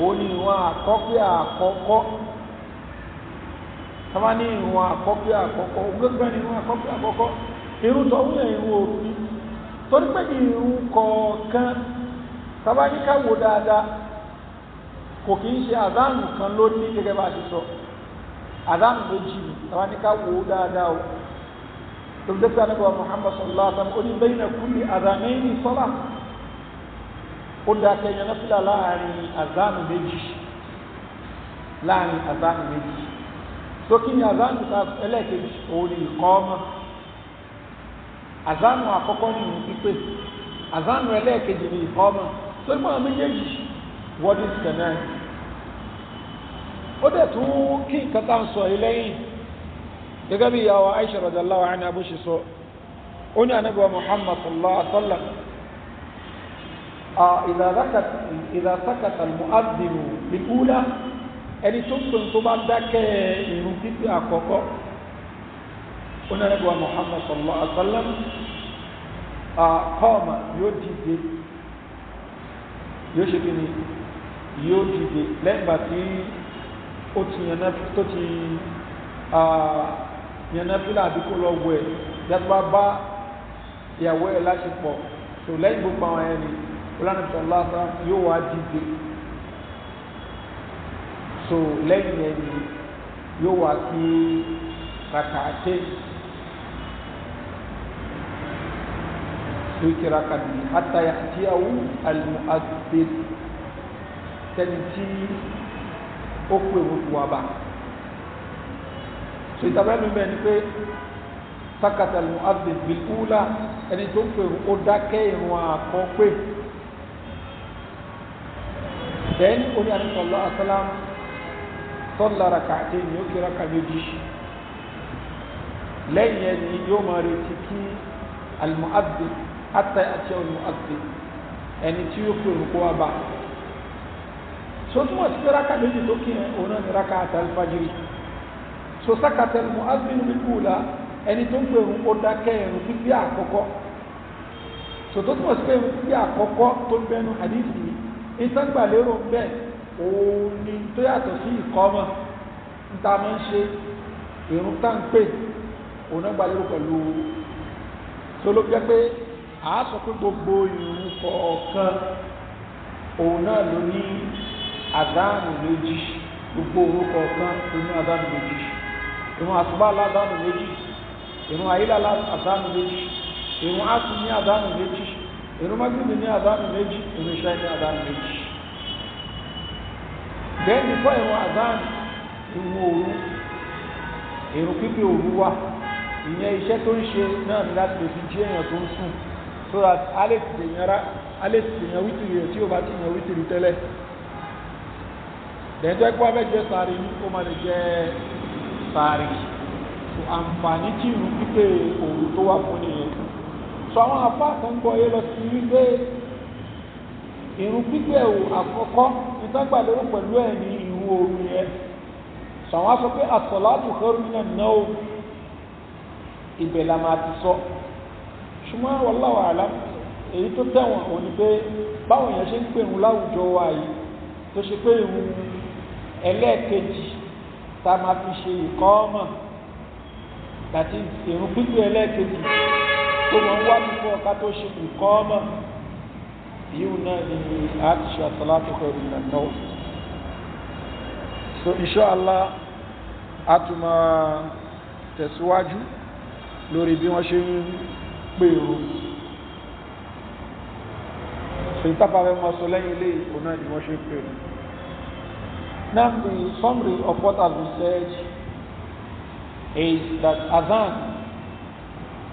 òun ni ìwọ̀n àkọ́pẹ́ àkọ́kọ́ sábà ní ìwọ̀n àkọ́pẹ́ àkọ́kọ́ gbẹ́gbẹ́ ni ìwọ̀n àkọ́pẹ́ àkọ́kọ́ irú tọ́wọ́ yẹn ìwọ̀n òru ni torí pé ìrun kọ̀ọ̀kan sábà ní ká wò dáadáa kò kí ń ṣe àdánù kan ló ní gẹ́gẹ́ bá ti sọ àdánù méjì ni sábà ní ká wò dáadáa o lóbi dẹ́kítà nígbà Muhammad sallallahu alaihi wa sallam ó ní bẹ́yìn náà kúlì ó da kẹyàn náfìlà láàrin azánù méjì láàrin azánù méjì sókè ní azánù ẹlẹ́ẹ̀kejì òun ni ìkọ́ ọmọ azánù àkọ́kọ́ ni ìrùn pípé azánù ẹlẹ́ẹ̀kejì ni ìkọ́ ọmọ tó ń bọ̀ méjèèjì wọ́dí sẹ̀nà ó dẹ̀ tún kí nǹkan tá à ń sọ yìí lẹ́yìn gẹ́gẹ́ bí ìyàwó Aisha radallahu anha bó sọ ó ní anábìwá Muhammad sallallahu alaihi wa sallam إذا ذكت إذا سكت المؤذن الأولى ẹni tó pè tó bá dákẹ́ ìrun títí àkọ́kọ́ onírẹ́gbà Muhammad sallallahu alaihi wa sallam àkọ́ọ̀mà yóò dìde yóò ṣe kí ni yóò dìde lẹ́gbà tí ó ti yànnàfíà ti yànnàfíà àbí kó lọ wẹ̀ yàtọ̀ bá ìyàwó ẹ̀ láṣepọ̀ tó lẹ́yìn gbogbo àwọn ẹni fúlàní sọláta yóò wá dìde so lẹ́yìn ẹni yóò wá kí rakàtẹ sókèrà kàdé àtàyà àti àwọn àlùmọ́ àgbè tẹni tí ó pè wọ́pọ̀ wá bá so ìtàbẹ́nu bẹ́ẹ̀ ni pé sakata àlùmọ́ àgbè bìlúùlà ẹni tó pè ó dákẹ́ ìrún àkọ́pẹ́ then oní àníṣọ́lá asálám sọ́lára kàtẹ́ ni ó kíra ka méjì lẹ́yìn ẹni yóò máa retí kí almuaddi ata àti almuaddi ẹni tí yóò pè rúkọ́ wa bá so tí wọ́n ti pé raka méjì tó kí ẹ̀ òun náà ni raka àtàlfàjìrì so sákàtà almuaddi ní kúùlà ẹni tó ń pè ń ó dákẹ́ ẹ̀rùn pípé àkọ́kọ́ so sí pé ẹ̀rùn pípé àkọ́kọ́ tó ń bẹnu hadith yìí ìtàgbàlérò ń bẹ̀ òun ni tó yàtọ̀ sí ìkọ́mọ̀ níta máa ń ṣe ìrun táǹpẹ̀ òun náà gbàlérò pẹ̀lú tó ló jẹ́ pé a sọ pé gbogbo ìrun kọ̀ọ̀kan òun náà ló ní àdánù méjì gbogbo òun kọ̀ọ̀kan ló ní àdánù méjì ìrun àsùbá ládánù méjì ìrun àyílá ládánù méjì ìrun àti ní àdánù méjì ìrun mọ́gìrìbì ní àdánù méjì ìrun ìṣá ní àdánù méjì bẹ́ẹ̀ni fọ́ ìrun àdánù ìwọ òru ìrun pípé òru wà ìyẹn iṣẹ́ tó ń ṣe náà ní láti lè fi jí èèyàn tó ń sùn so that a lè tètè yanra a lè tètè yan wítìrì rẹ̀ tí o bá ti yan wítìrì tẹ́lẹ̀ dẹ̀ẹ́dẹ́ pé wọ́n fẹ́ jẹ sààrì ní kó má lè jẹ sààrì àǹfààní tí ìrun pípé òru tó wà fún nìyẹn sọ àwọn afá kan gbọ́ yé lọ sí wípé ìrun gbígbẹ̀ ò àkọ́kọ́ ìtàgbà lérò pẹ̀lú ẹ̀ ní ìrun òru yẹn sọ àwọn aṣọ pé àsọ̀láàtù kọ́rùnà náà ìbẹ̀ la máa ti sọ ṣùgbọ́n wallahu alam èyí tó tẹ̀wọ̀n òun ni pé báwọn èèyàn ṣe ń pè ìrun láwùjọ wa yìí tó ṣe pé ìrun ẹlẹ́ẹ̀kejì tá a máa fi ṣe ìkọ́ ọmọ àti ìrun gbígbẹ̀ ẹlẹ́ẹ̀kejì tó wọn wá nífọ̀ ká tó ṣe nǹkan náà ni a ti ṣe àsàlátù khairun so inshallah a tún máa tẹ̀síwájú lórí bí wọ́n ṣe ń pè ó ṣe mọ́ sọ lẹ́yìn ilé ìkó náà ni wọ́n ṣe ń pè ó now the summary of what has said is that Adhan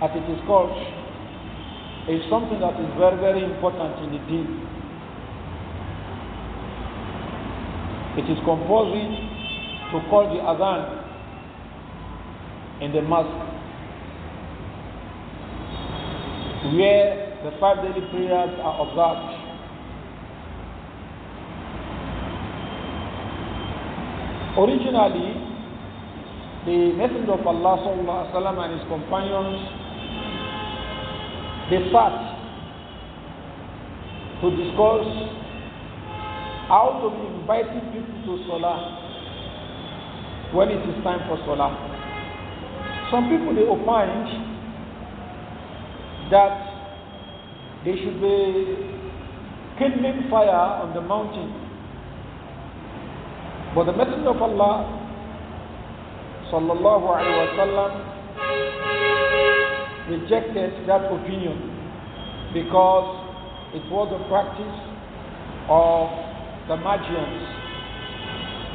as it is called, is something that is very, very important in the deen. It is compulsory to call the adhan in the mosque where the five daily prayers are observed. Originally, the Messenger of Allah وسلم, and his companions the fact to discuss how to be inviting people to Salah when it is time for Salah. Some people they opine that they should be kindling fire on the mountain. But the message of Allah sallallahu alaihi wasallam rejected that opinion because it was a practice of the Magians,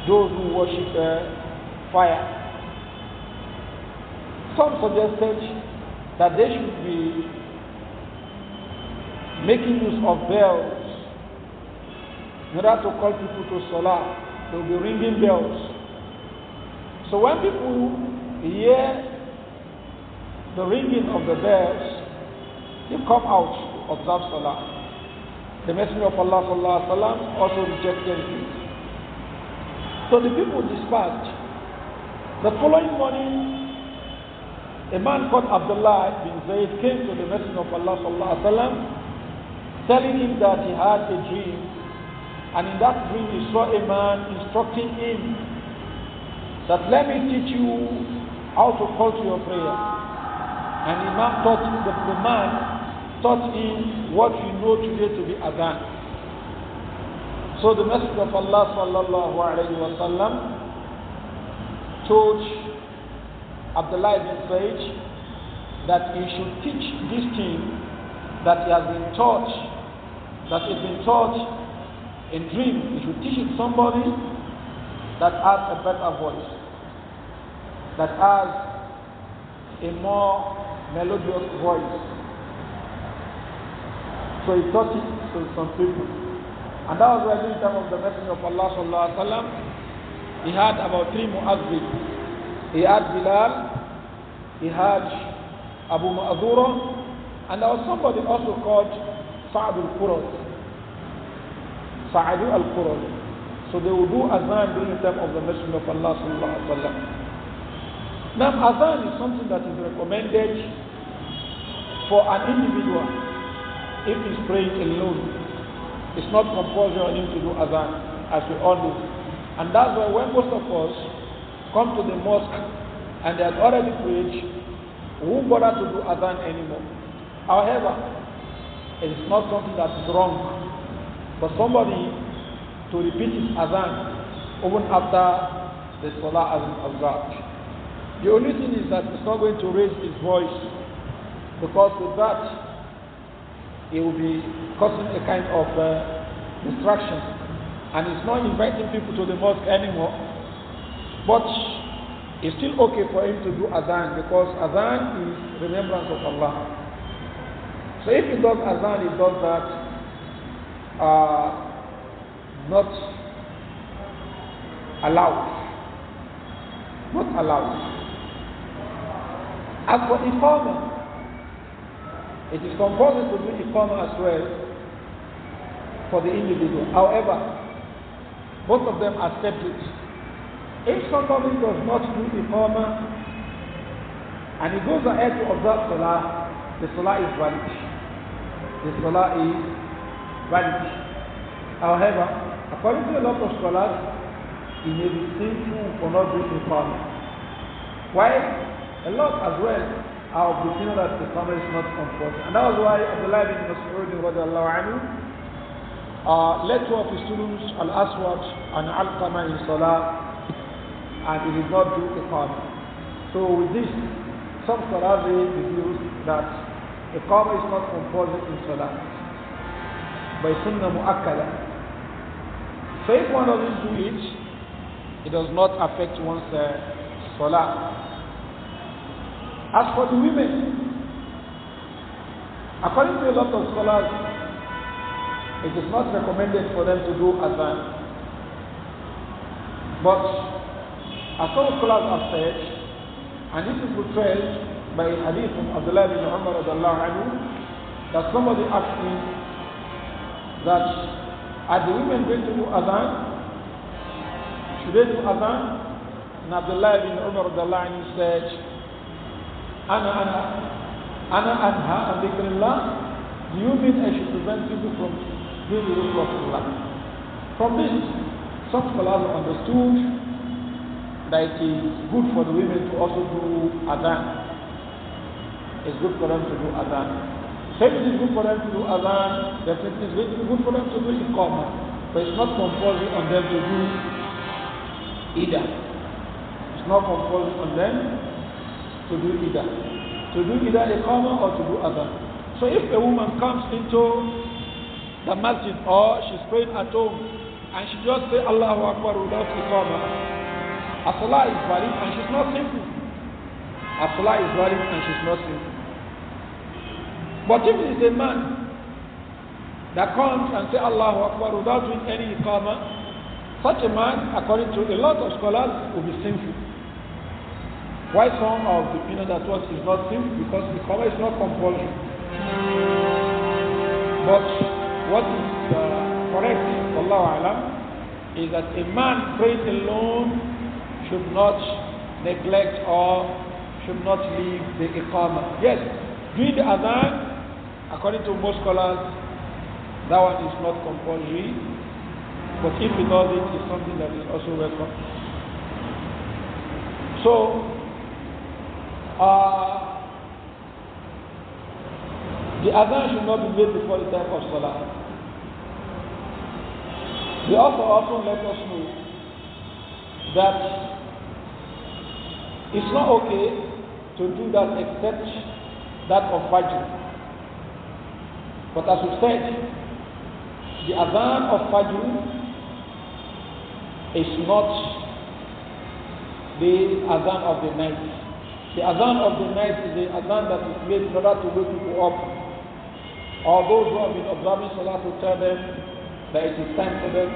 those who worship uh, fire. Some suggested that they should be making use of bells in order to call people to Salah. They will be ringing bells. So when people hear the ringing of the bells, they come out to observe Salah. The Messenger of Allah sallallahu wasallam also rejected it. So the people dispersed. The following morning, a man called Abdullah bin Zayd came to the Messenger of Allah sallallahu wasallam, telling him that he had a dream. And in that dream, he saw a man instructing him that let me teach you how to call to your prayer. And Imam taught the, the man taught him what we know today to be Adhan. So the Messenger of Allah sallallahu alayhi wa sallam told Abdullah ibn Said that he should teach this thing that he has been taught, that he's been taught in dream. He should teach it somebody that has a better voice, that has a more melodious voice. So he taught it to some people. And that was really during the time of the Messenger of Allah sallallahu alaihi wasallam, he had about three muazzin. He had Bilal, he had Abu Ma'adura, and there was somebody also called Sa'ad al-Quraz. Sa'ad al-Quraz. So they would do azan during the time of the Messenger of Allah sallallahu alaihi wasallam. Now, Azan is something that is recommended for an individual if he's praying alone. It's not compulsory on him to do Azan, as we all do. And that's why when most of us come to the mosque and they have already preached, we won't bother to do Azan anymore. However, it is not something that is wrong for somebody to repeat his Azan even after the Salah has been observed. The only thing is that he's not going to raise his voice because with that he will be causing a kind of uh, distraction and he's not inviting people to the mosque anymore. But it's still okay for him to do adhan because adhan is remembrance of Allah. So if he does adhan, he does that uh, not allowed. Not allowed. As for informer, it is compulsory to do informer as well for the individual. However, both of them are separate. If somebody does not do informer and he goes ahead to observe Salah, the Salah is valid. The Salah is valid. However, according to a lot of scholars, he may be sinful for not doing informer. Why? A lot as well are of the thing that the summer is not composed, And that was why Abdullah bin Mas'ud anhu uh, led two of his students, Al-Aswad and Al-Qama in Salah, and he did not do Iqamah. So with this, some Salah they that the Iqamah is not composed in Salah, by Sunnah Mu'akkada. So if one doesn't do it, it does not affect one's uh, Salah. As for the women, according to a lot of scholars, it is not recommended for them to do adhan. But as some scholars have said, and this is portrayed by hadith from Abdullah bin Umar anhu, that somebody asked me that are the women going to do adhan? Should they do adhan? And Abdullah bin Umar anhu said, Ana ana ana anha an Do you mean I should prevent people from doing the dhikr of Allah? From this, some scholars have understood that it is good for the women to also do adhan. It's good for them to do adhan. Same it is good for them to do adhan, definitely it's good for them to do iqamah. But it's not compulsory on them to do either. It's not compulsory on them to do either. To do either a common or to do other. So if a woman comes into the masjid or she's praying at home and she just say Allahu Akbar without Iqama, her salah is valid and she's not sinful. Her salah is valid and she's not sinful. But if it's a man that comes and say Allahu Akbar without doing any Iqama, such a man, according to a lot of scholars, will be sinful. Why some of the opinion that was is not sinful? Because the cover is not compulsory. But what is uh, correct, Wallahu Alam, is that a man praying alone should not neglect or should not leave the iqamah. Yes, doing the adhan, according to most scholars, that one is not compulsory. But if he does it, it's something that is also welcome. So, Uh, the adhan should not be made before the time of Salah. The author also let us know that it's not okay to do that except that of Fajr. But as we said, the adhan of Fajr is not the adhan of the night. The adhan of the night is the adhan that is made for that to wake people up. Or those who have been observing Salah to tell them that it is time for them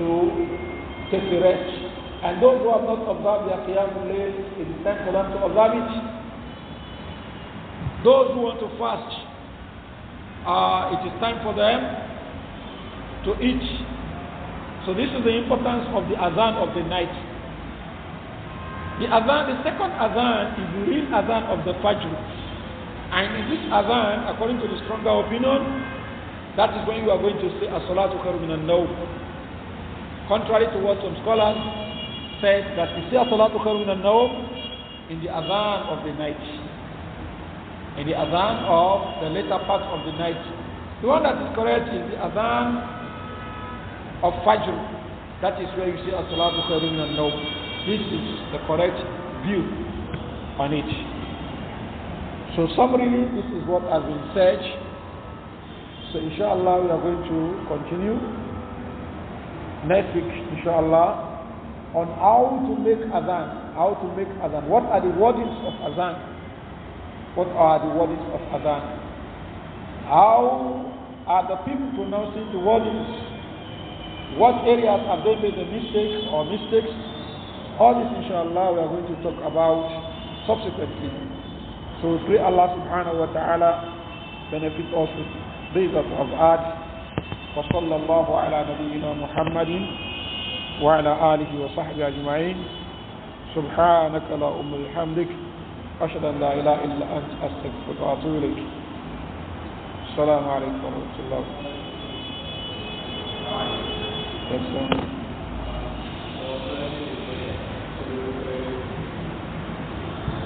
to take the rest. And those who have not observed their Qiyamul Layl, it is time for them to observe it. Those who want to fast, uh, it is time for them to eat. So this is the importance of the adhan of the night. The Adhan, the second Adhan is the real Adhan of the Fajr. And in this Adhan, according to the stronger opinion, that is when you are going to say As-salatu khairu minan Contrary to what some scholars said, that we say As-salatu khairu minan in the Adhan of the night. In the Adhan of the later part of the night. The one that is correct is the Adhan of Fajr. That is where you say As-salatu khairu minan this is the correct view on it. So summarily, this is what has been said. So inshallah, we are going to continue next week, inshallah, on how to make adhan, how to make adhan. What are the wordings of adhan? What are the wordings of adhan? How are the people pronouncing the wordings? What areas have they made a mistake or mistakes? All this, inshallah, we are going to talk about subsequently. So we pray Allah subhanahu wa ta'ala benefit us with these that we have had. وصلى الله على نبينا محمد وعلى آله وصحبه أجمعين سبحانك لا أم الحمدك أشهد أن لا إله إلا أنت أستغفرك وأتوب إليك السلام عليكم ورحمة الله وبركاته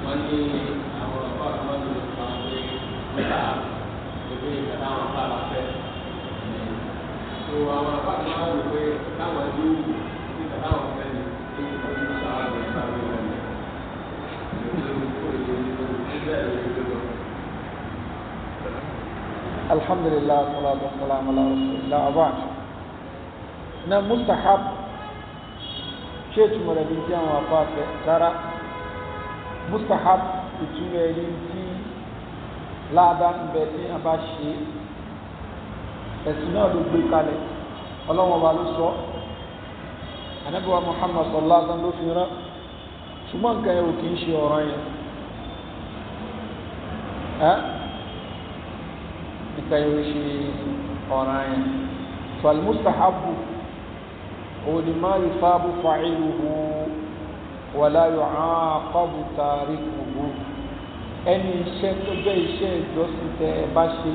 wọ́n ní àwọn ọ̀pá kan wọ́n lò fún àwọn pé nípa ìwé ìgbàlá àwọn salatu wassalamu ala rasulillah abad na mustahab ṣe tumọ̀ da bí jẹ́ àwọn afáfẹ́ mustahab ìtumọ̀ ẹni tí láàbá ń bẹ tí a bá ṣe ẹ̀sìn náà ló gbé kalẹ̀ ọlọ́wọ́n wa ló sọ Ànábì wa Muhammad sallallahu alaihi wa sallam ló fi rán ṣùgbọ́n nǹkan yẹn ò kì í ṣe ọ̀ràn yẹn nǹkan yẹn ò ṣe ọ̀ràn yẹn fal òní máa yusabu fa'iluhu wàlá yóò hàn kọ́bù tààrí kùgbù ẹni iṣẹ́ tó jẹ́ iṣẹ́ ìjọsìn tẹ ẹ bá ṣe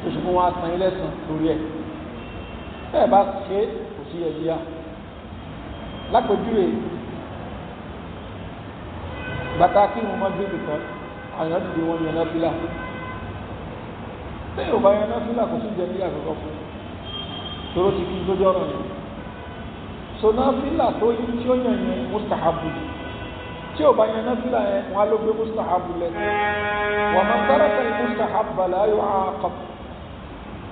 tó ṣe fún wọn asan ilé sàn lórí ẹ̀ bẹ́ẹ̀ bá ṣe kò sí ẹ̀bí yá lápèjúwe bàtà kí ni mo máa gbé àyàn dìde wọn yẹn náfìlà bẹ́ẹ̀ bá yẹn náfìlà kò sí jẹ́ bí àkọ́kọ́ fún un tòró ti kí lójú ọ̀rọ̀ yẹn so náfìlà tó yí tí ó yàn yẹn mustahabu tí ò bá yàn náfìlà yẹn wọn á ló gbé mustahabu lẹ́nu wọn máa sára pẹ̀lú mustahabu bàlá yóò á kọ̀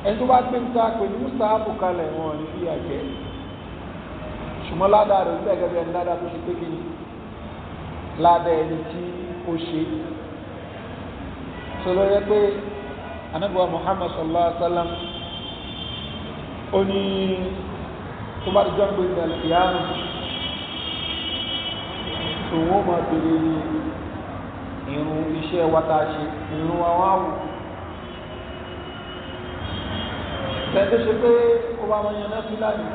ẹni tó bá gbé ń ta pẹ̀lú mustahabu kalẹ̀ wọn ní fi àjẹ́ ṣùgbọ́n ládàá rẹ̀ ń bẹ̀ gẹ́gẹ́ tó ṣe pé kí ni ẹni tí ó ṣe sọlọ yẹ pé anabiwa Muhammad sallallahu alaihi wa sallam ó ní tó bá ti jọ́ pé ìdàlùkìyàmù tó wọ́n máa bèrè irun iṣẹ́ wa tá a ṣe irun àwọn àwò tẹ́tẹ́ ṣe pé ó bá wọn yan náà fílàní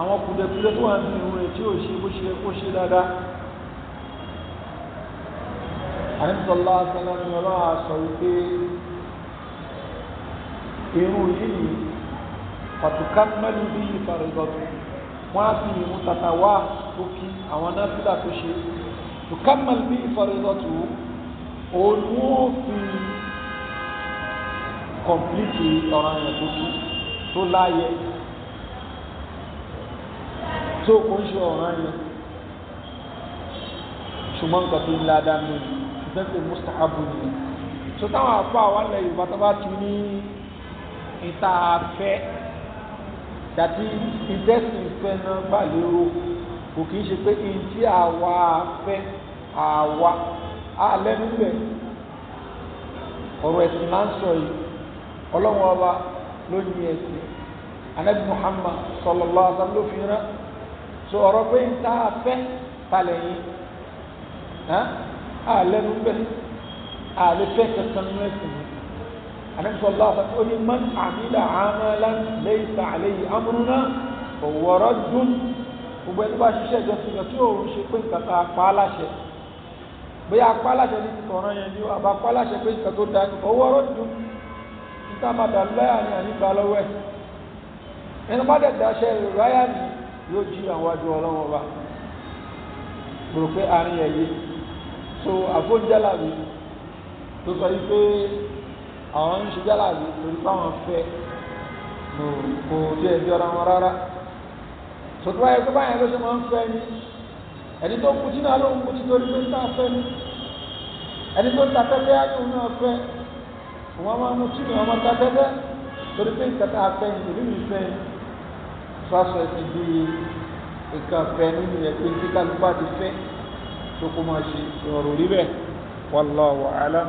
àwọn kùdẹ̀kùdẹ̀ tó wà ní irun rẹ̀ tí ó ṣe bó ṣe ó ṣe dáadáa àníṣọ́lá sálẹ́nu ọlọ́run àṣọ wípé irun yìí pàtùkámẹ́lú bí ìfàrẹ́gọ́tù wọ́n á fi ìrún tata wá tó kí àwọn náfìlà tó ṣe pàtùkámẹ́lú bí ìfàrẹ́gọ́tù òun wọ́n fi kọ̀m̀plìtì ọ̀ràn yẹn tó kí tó láàyè tó kò ń ṣe ọ̀ràn yẹn ṣùgbọ́n nǹkan tó ń la dání ìgbẹ́sẹ̀ mustahabu ni so táwọn àpá àwọn ilẹ̀ Yorùbá tó bá ti ní ìta fẹ́ dàtí ìtẹ́sìn fẹ́ náà gbà lérò kò kí ń ṣe pé kí n tí àwa fẹ́ àwa alẹ́nu bẹ̀ ọ̀rọ̀ ẹ̀sìn máa ń sọ yìí ọlọ́run ọba ló ní ẹ̀sìn anabi muhammad sallallahu alaihi wasallam ló fi rán so ọ̀rọ̀ pé ń tá a fẹ́ talẹ̀ yìí alẹ́nu bẹ̀ alẹ́ fẹ́ kankan nínú ẹ̀sìn yìí anabi sallallahu alaihi wasallam ó ní man amila amalan laysa alayhi amruna fahuwa raddun gbogbo ẹni bá ṣiṣẹ́ ìjọsìn yẹn tí òun ṣe pé nǹkan tá a pa á láṣẹ bóyá apá aláṣẹ ní tọ̀ràn yẹn ni ó àbá apá aláṣẹ pé nǹkan tó da ẹni owó ọ̀rọ̀ dùn níta máa dà lọ́yà ni àní gba lọ́wọ́ ẹ̀ ẹni bá dẹ̀ daṣẹ́ ìráyà ni yóò jí àwọn àjọ ọlọ́wọ́ wa rò pé àárín ẹ̀ so àfóúnjálà mi tó sọ yìí pé àwọn ń ṣe yálà yìí torí báwọn fẹ́ kò yẹ ẹbí ọ̀rọ̀ wọn rárá sọtú báyẹn tó báyẹn ló ṣe máa ń fẹ́ ni ẹni tó kú jìnnà ló ń kú jìnnà orí pé ń tà fẹ́ ni ẹni tó ń ta tẹ́tẹ́ á ní náà fẹ́ wọn máa mú tìǹbù wọn máa ta tẹ́tẹ́ torí pé tá a fẹ́ ni ìlú mi fẹ́ ni fásọ ẹsẹ̀ di nǹkan fẹ́ nínú ẹgbẹ́ tí kálukú bá fẹ́ tó kó máa ṣe ọ̀rọ̀ rí bẹ́ẹ̀ wallahu alam.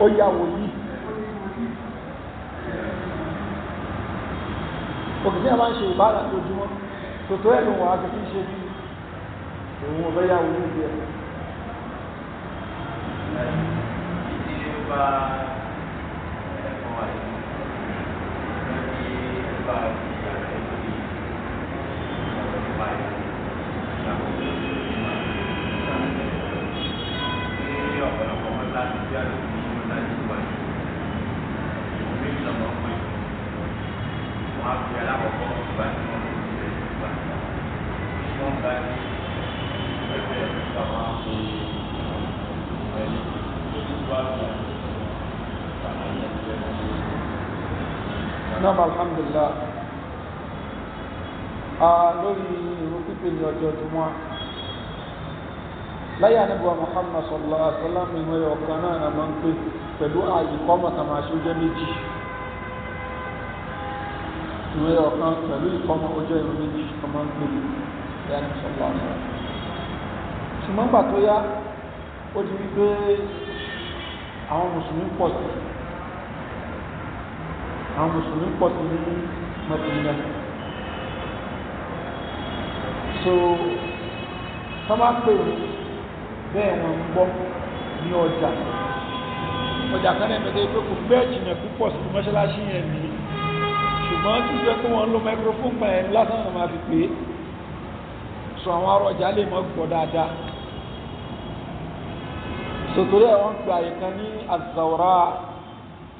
ó yá wòlíì òkìtí ẹ̀ máa ń ìbára lójúmọ́ tòtò ẹ̀lù wọn àti kí bí òun ọ̀fẹ́ yá wòlíì bí ẹ̀ Thank you. mú wa láyé anábíwá Muhammad sallallahu alaihi wasallam ìwé ọ̀kan náà a máa ń pè pẹ̀lú ààyè kọ́mọ̀ tàmà ṣe ó jẹ́ méjì ìwé ọ̀kan pẹ̀lú ìkọ́mọ̀ ó jẹ́ ìwé méjì a máa ń pè láyé anábíwá sallallahu alaihi wasallam ṣùgbọ́n gbà tó yá ó di wípé àwọn mùsùlùmí pọ̀ sí àwọn mùsùlùmí pọ̀ sí ní Madina so tó bá pè é bẹ́ẹ̀ wọ́n ń gbọ́ ní ọjà ọjà kan náà mẹ́tẹ́ pé kò bẹ́ẹ̀ jìnà púpọ̀ sí mọ́ṣáláṣí yẹn ni ṣùgbọ́n tí ìjọ pé wọ́n lo microphone pa ẹ̀ lásán náà máa fi pè é sọ àwọn arọ ọjà lè mọ́ gbọ́ dáadáa sotori ẹ̀ wọ́n gba ìkan ní azawra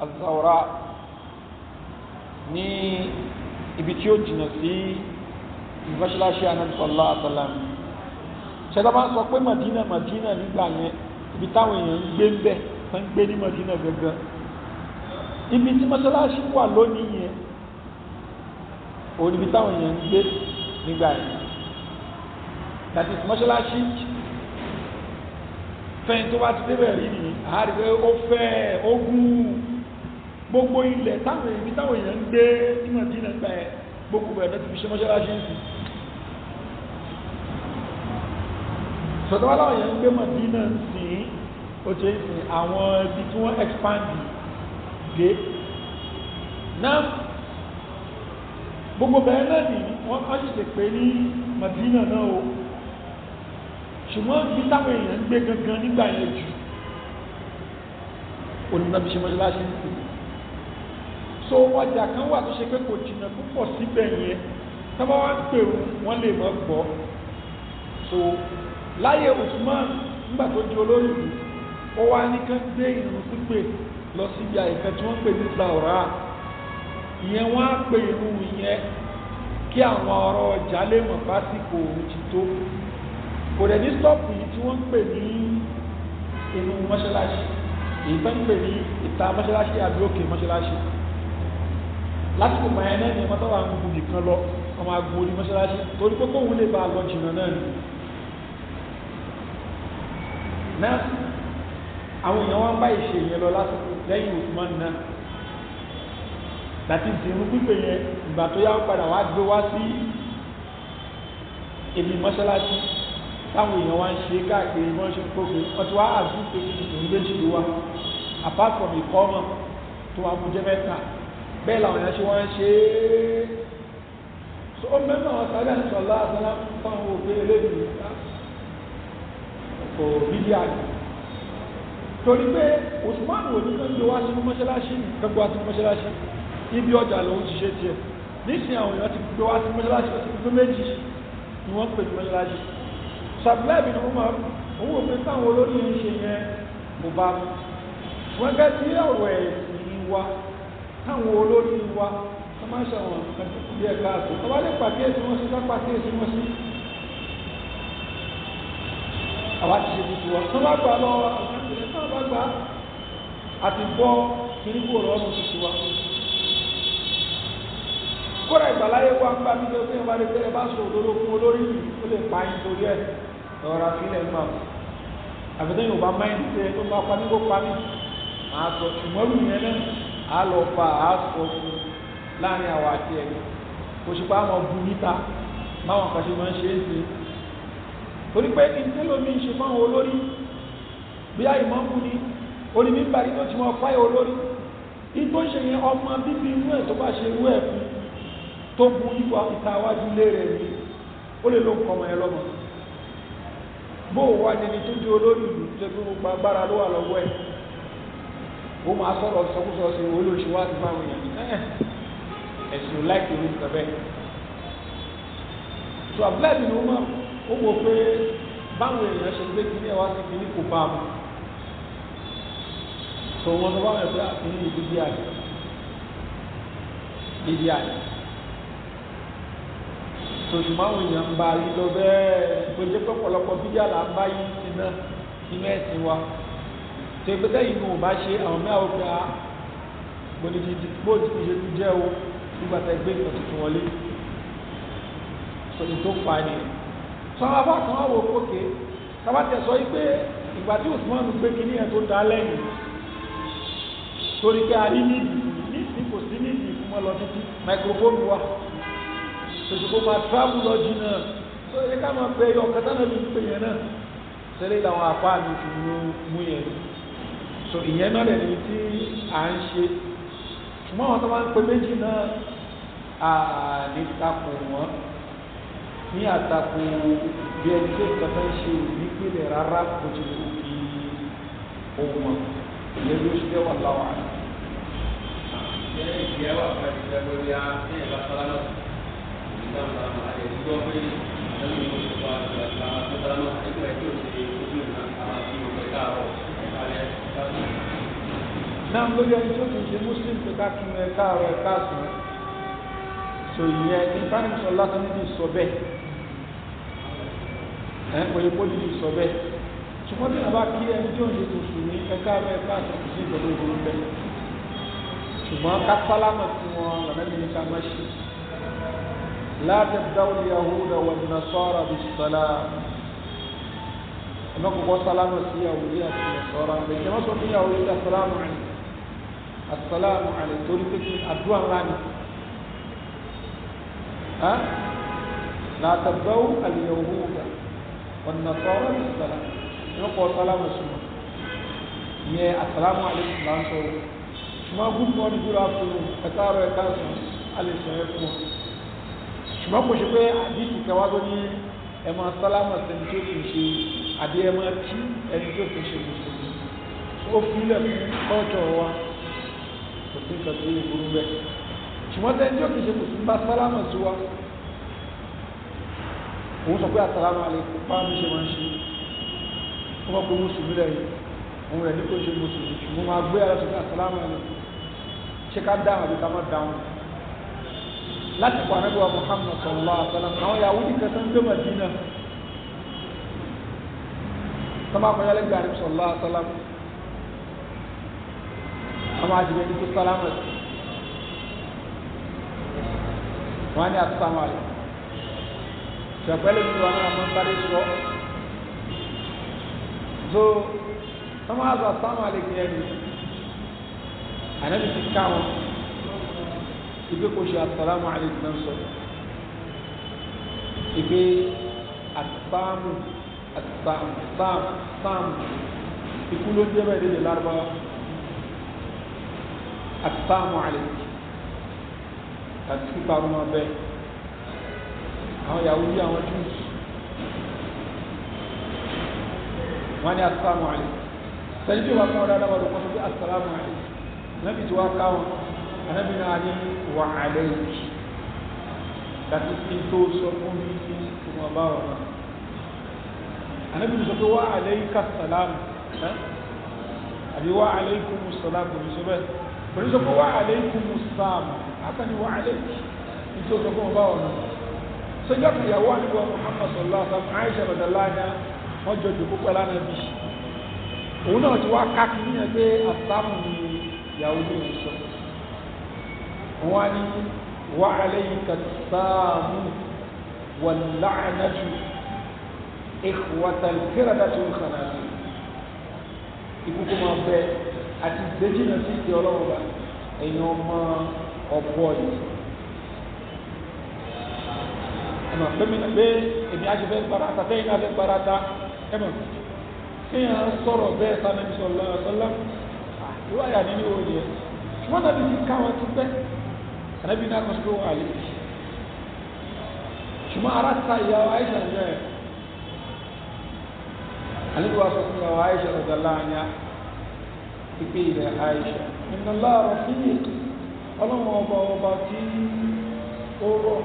azawra ní ibi tí ó jìnà sí mọ́ṣáláṣí anabi sallallahu alaihi ṣẹlẹ bá sọ pé Madina Madina nígbà yẹn ibi táwọn èèyàn ń gbé ń bẹ tó ń gbé ní Madina gangan ibi tí mọ́ṣáláṣí wà lónìí yẹn òun ibi táwọn èèyàn ń gbé nígbà yẹn that is mọ́ṣáláṣí fẹ́yìn tó bá ti débẹ̀ rí ni àárí pé ó fẹ́ ogún gbogbo ilẹ̀ táwọn èèyàn ń gbé ní Madina gbà yẹn gbogbo ẹ̀ náà ti fi ṣe mọ́ṣáláṣí ń sìn. sọ̀tọ́wọ́ láwọn yẹn ń gbé Madina sí ó ti ń sin àwọn ibi tí wọ́n expand dé náà gbogbo bẹ̀rẹ̀ náà ni wọ́n á sì ṣe pé ní Madina náà o ṣùgbọ́n bí táwọn èèyàn ń gbé gangan nígbà yẹn jù onínábi ṣe mọ́ṣáláṣí ń sìn so ọjà kan wà tó ṣe pé kò jìnnà púpọ̀ síbẹ̀ yẹn tábà wá ń pè wọ́n lè mọ́ gbọ́ so láyé Usman nígbà tó di olórí ìlú ó wá ní kán gbé ìrun pípé lọ síbi àyíká tí wọ́n pè ní zaura ìyẹn wọ́n á pe irun ìyẹn kí àwọn ọ̀rọ̀ ọjà lè mọ̀ pásìkò òun ti tó kò dẹ̀ ní stọ́ọ̀pù yìí tí wọ́n ń pè ní inú mọ́ṣáláṣí èyí tó ń pè ní ìta mọ́ṣáláṣí àbí òkè mọ́ṣáláṣí lásìkò pààyàn ni wọ́n tọ́wọ́ àwọn gbogbo nìkan lọ ọmọ agun orí mọ́ṣáláṣí torí pé kóun lè bá a jìnnà náà nìyí náà àwọn èèyàn wọn bá ìṣe yẹn lọ lásìkò lẹ́yìn Usman náà láti dìrún pípé yẹn ìgbà tó yá padà wá gbé wá sí èmi mọ́ṣáláṣí táwọn èèyàn wá ń ṣe káàkiri wọ́n ṣe ń kókè wọ́n ti wá àdúgbò ìrìn méjì ló wá apart from ìkọ́mọ tó wà mú jẹ́ mẹ́ta bẹ́ẹ̀ làwọn èèyàn ṣe wọ́n ń ṣe é so ó mẹ́fà wọn sáré àti sọ̀lá àtàlà fún àwọn òbí kò bíbí àná torí pé Usman wò ní kí n lo wá sínú mọ́ṣáláṣí ní kẹ́kọ̀ọ́ wá sínú mọ́ṣáláṣí ibi ọjà ló ń ṣiṣẹ́ tiẹ̀ nísìnyí àwọn èèyàn ti gbé wá sínú mọ́ṣáláṣí ọtí gbé méjì ni wọ́n pè ní mọ́ṣáláṣí sàbílẹ́bì ni wọ́n máa owó pé táwọn olórí ń ṣe yẹn kò bá mu wọ́n gẹ́ sí ọ̀rọ̀ ẹ̀sìn wa táwọn olórí wa wọ́n máa ń ṣàwọn ẹ̀ka àtò àwa ti ṣe tuntun wọn tó bá gbà lọ àtàkùnrin tó bá gbà àti bọ́ kìrìkù rọrùn tuntun wa. kóra ìgbàláyé wa ń gbà mí lé fún ìwádìí pé ẹ bá sọ òdodo fún olórí yìí ó lè pa yín torí ẹ ọ̀rọ̀ àfihàn mọ́ àbẹ̀tẹ́ yóò bá máyìn tẹ tó bá pa mí kó pa mí màá sọ ṣùgbọ́n lù yẹn náà á lọ fa àá sọ fún láàrin àwa àti ẹ̀ kò ṣùgbọ́n àwọn bu níta báwọn kan máa ń ṣe é ṣe é torí pé ìtẹ́lómi ń ṣe fáwọn olórí bí i ìmọ̀mù ni onímíbàrí tó ti wọ́n fáyà olórí ìtò ṣe yẹn ọmọ bíbí inú ẹ̀ tó bá ṣe irú ẹ̀ fún tó bu ìwà ìtawájú lé rẹ̀ ni ó lè ló ń kọmọ ẹ lọ́mọ bó wà nínú tó di olórí ìlú tó fi gbogbo agbára ló wà lọ́wọ́ ẹ̀ ó máa sọ̀rọ̀ sọkúsọ sí olóṣèwà àti fáwọn èèyàn ẹ̀sùn láìpẹ́ orí ìtọ́bẹ́ ó wò pé báwọn èèyàn ṣe gbé kíní ẹ̀ wá sí kíní kò bá mu tó wọn lọ báwọn ẹgbẹ́ àkíní ìdíje àjẹ ìdíje àjẹ sòṣùmọ́ àwọn èèyàn ń ba yí lọ bẹ́ẹ̀ gbèjẹ́ pọ̀pọ̀lọpọ̀ bíjà là ń bá yí sí náà nínú ẹ̀sìn wa tó ẹgbẹ́ sẹ́yìn ni ò bá ṣe àwọn mẹ́wàá pé a gbòdìdì bóòdì ti ṣe jẹ́ o nígbà tá ẹgbẹ́ ìtàn tuntun wọlé sọ̀tún tó fa ni sọ́wọ́n afá kan wá wò ó kókè kábàtẹ̀ sọ yí pé ìgbà tí Usman gbé kínní ẹ̀ tó da lẹ́yìn torí pé a rí nídìí nídìí kò sí nídìí fún lọ títí microphone wa tòṣìkò máa travel lọ jìnnà tó yẹ ká máa pè yọ kátà náà ní pè yẹn náà sẹ́lẹ̀ làwọn apá mi fi mú mú yẹn so ìyẹn náà lẹ̀ ní tí à ń ṣe ṣùgbọ́n àwọn tó máa ń pè méjì náà à ní takò wọ́n ní àtakò bí ẹni tó kàtà ń ṣe ìgbìpínlẹ̀ rárá kò ti lè fi ohun wọn ìyẹn ló ṣe wà láwọn àná. ṣé ìgbẹ́ wà fún ẹgbẹ́ lórí a ní ẹ̀ka sálámà òní náà máa ma ẹ̀ gbọ́ pé lẹ́yìn ìlú ìṣòro àti ẹ̀ka tó sálámà ẹgbẹ́ tó ṣe ojú ìlànà àwọn àti ìwé káàrọ̀ ẹ̀ka rẹ̀ náà lórí ẹni tó ti ṣe muslim tó ká kí ẹ káàrọ̀ ẹ káàsán so ìyẹn ní sáyẹnsì ọlá tó níbi sọ bẹ́ẹ̀ ẹ̀ pẹ̀lú pọ́lìtì sọ bẹ́ẹ̀ ṣùgbọ́n tí wọ́n bá kí ẹni tí ó ń ṣe mùsùlùmí ẹ̀ka ẹ̀ka àtàkùn sí ìgbẹ̀lú ìgbẹ̀lú bẹ́ẹ̀ ṣùgbọ́n kásálámà tí wọ́n lọ́nà ní ká má ṣe láti dáwọ́ yahuda wà ní nasọ́ra bí sọ́lá ẹ̀mọ́ kọ́kọ́ sálámà sí yahudi àti nasọ́ra lè والنصارى بالسلام يقول سلام السلام يا السلام عليكم لا نسوي ṣùgbọ́n gúúpọ̀ ní gúúrà fún ẹ̀tàrọ ẹ̀ká sùn alẹ́sọ̀rẹ́ fún wọn ṣùgbọ́n kò ṣe pé àdìsí kẹwàá tó ní ẹ̀mọ sálámà sẹ́ni tó fi ṣe àbí ẹ̀mọ tí ẹni tó fi ṣe mùsùlùmí ó fílẹ̀ fún kọ́ọ̀tọ̀ wa kò sí nǹkan tó yẹ kúrú bẹ́ẹ̀ ṣùgbọ́n sẹ́ni tó fi ṣe mùsùlùmí bá sálámà sí wa òun sọ pé àsàlámù aláìkùm báwọn ṣe máa ń ṣe tó bá kó mùsùlùmí rẹ̀ òun rẹ̀ ní kó ṣe mùsùlùmí ṣùgbọ́n máa gbé ara sọ pé àsàlámù aláìkùm ṣe ká dáhùn àbí ká má dáhùn láti pa ànábì wa Muhammad sallallahu alaihi wa sallam àwọn kẹsàn án gbé Madina tọ́ba kọjá lẹ́gbẹ̀ẹ́ ànábì sallallahu alaihi wa sallam àwọn àjẹmẹ́ ní kó sálámù wọn á ní àtúntàwọn àlẹ́ sọpẹlẹ mi wà náà máa ń bari sọ so wọn máa sọ sáwọn àlejò ẹni ànábi ti ká wọn ibi kò ṣe asalaamu aleykum náà sọ ibi asaamu asaamu saamu saamu ikú ló dé bẹ́ẹ̀ nílẹ̀ lárúbáwá asaamu aleykum àti kíkà ọmọ bẹ́ẹ̀ àwọn yahoo bí àwọn jews wọn ní asalaamu alaykum sẹni tí wọn kọ́ dáadáa wọn lọ kọ́ sọ pé asalaamu alaykum nàbì tí wọn ká wọn ànábì náà ní wà alaykum láti fi tó sọ fún mi sí ìwọn bá wọn náà ànábì sọ pé wà alayka salaamu àbí wà alaykum salaamu ní sọ bẹ́ẹ̀ pẹ̀lú sọ pé wà alaykum salaamu àkànní wà alaykum ní tó sọ fún ọba wọn náà sọjọ́ kan ìyàwó àníbọ̀ Muhammad sallallahu alaihi wa sallam Aisha radalanya wọ́n jọ jòkó pẹ̀lú ànábì òun náà ti wá káàkiri yẹn pé àtàmù ni ìyàwó ló ń sọ wọn á ní wà á lẹ́yìn kàtàmù wọn láàánàtù ìwàtàlùkẹ́rẹ́dàtù máa bẹ àti ìgbéjìnà sí ìdí ọlọ́run bá ọmọ ọ̀pọ̀ yìí ẹ̀mọ̀ pẹ́mìnà pé èmi á ṣe fẹ́ parata tẹ́yìn náà fẹ́ parata ẹ̀mọ̀ kéèyàn sọ̀rọ̀ bẹ́ẹ̀ sanabi sọ̀lá sọ́lá ìwà yà nínú òye ṣùgbọ́n nàbí ti ká wọn ti pẹ́ ànábì náà kọ́sí pé wọ́n àlè ṣùgbọ́n ara ta ìyàwó àìsàn ń bẹ́ẹ̀ àlejò wa sọ fún ìyàwó àìsàn ọ̀dà láàyà pípé ilẹ̀ àìsàn ìnáwó ọlọ́run ọba ọba tí ó rọ̀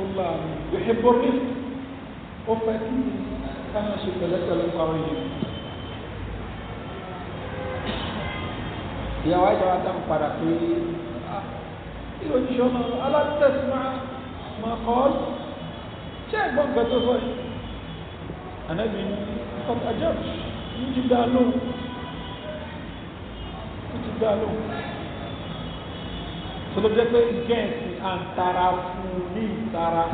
Allah yòhébó mi ó fẹ́ kí ni ká máa ṣe pẹ̀lẹ́pẹ̀lẹ́ pàrọ̀ yìí. ìyàwó àjọwà dá mi padà pé ilé ah, oníṣẹ́ ọmọ alátẹ̀sí máa kọ́ ọ́ ṣé ẹ̀gbọ́n nǹkan tó sọ yìí. ànábì ọkọ̀ ní ìtara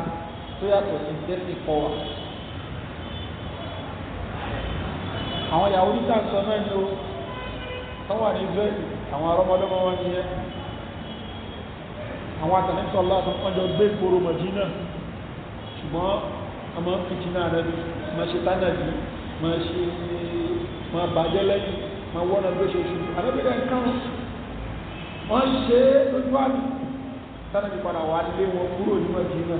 tó yàtọ̀ sí tẹ́sìn kọ́ wa. àwọn ìyàwó níta sọ náà ni ó tán wà ní israẹli wọn ọzọ ẹ àwọn àtàlẹ́sọ̀ láti ọjọ́ gbé ìgboro mọ̀jínà ṣùgbọ́n ọmọ ma ṣe ma ṣe ma ma lójú sáré ti padà wà lé wọn kúrò ní Mẹ́dínà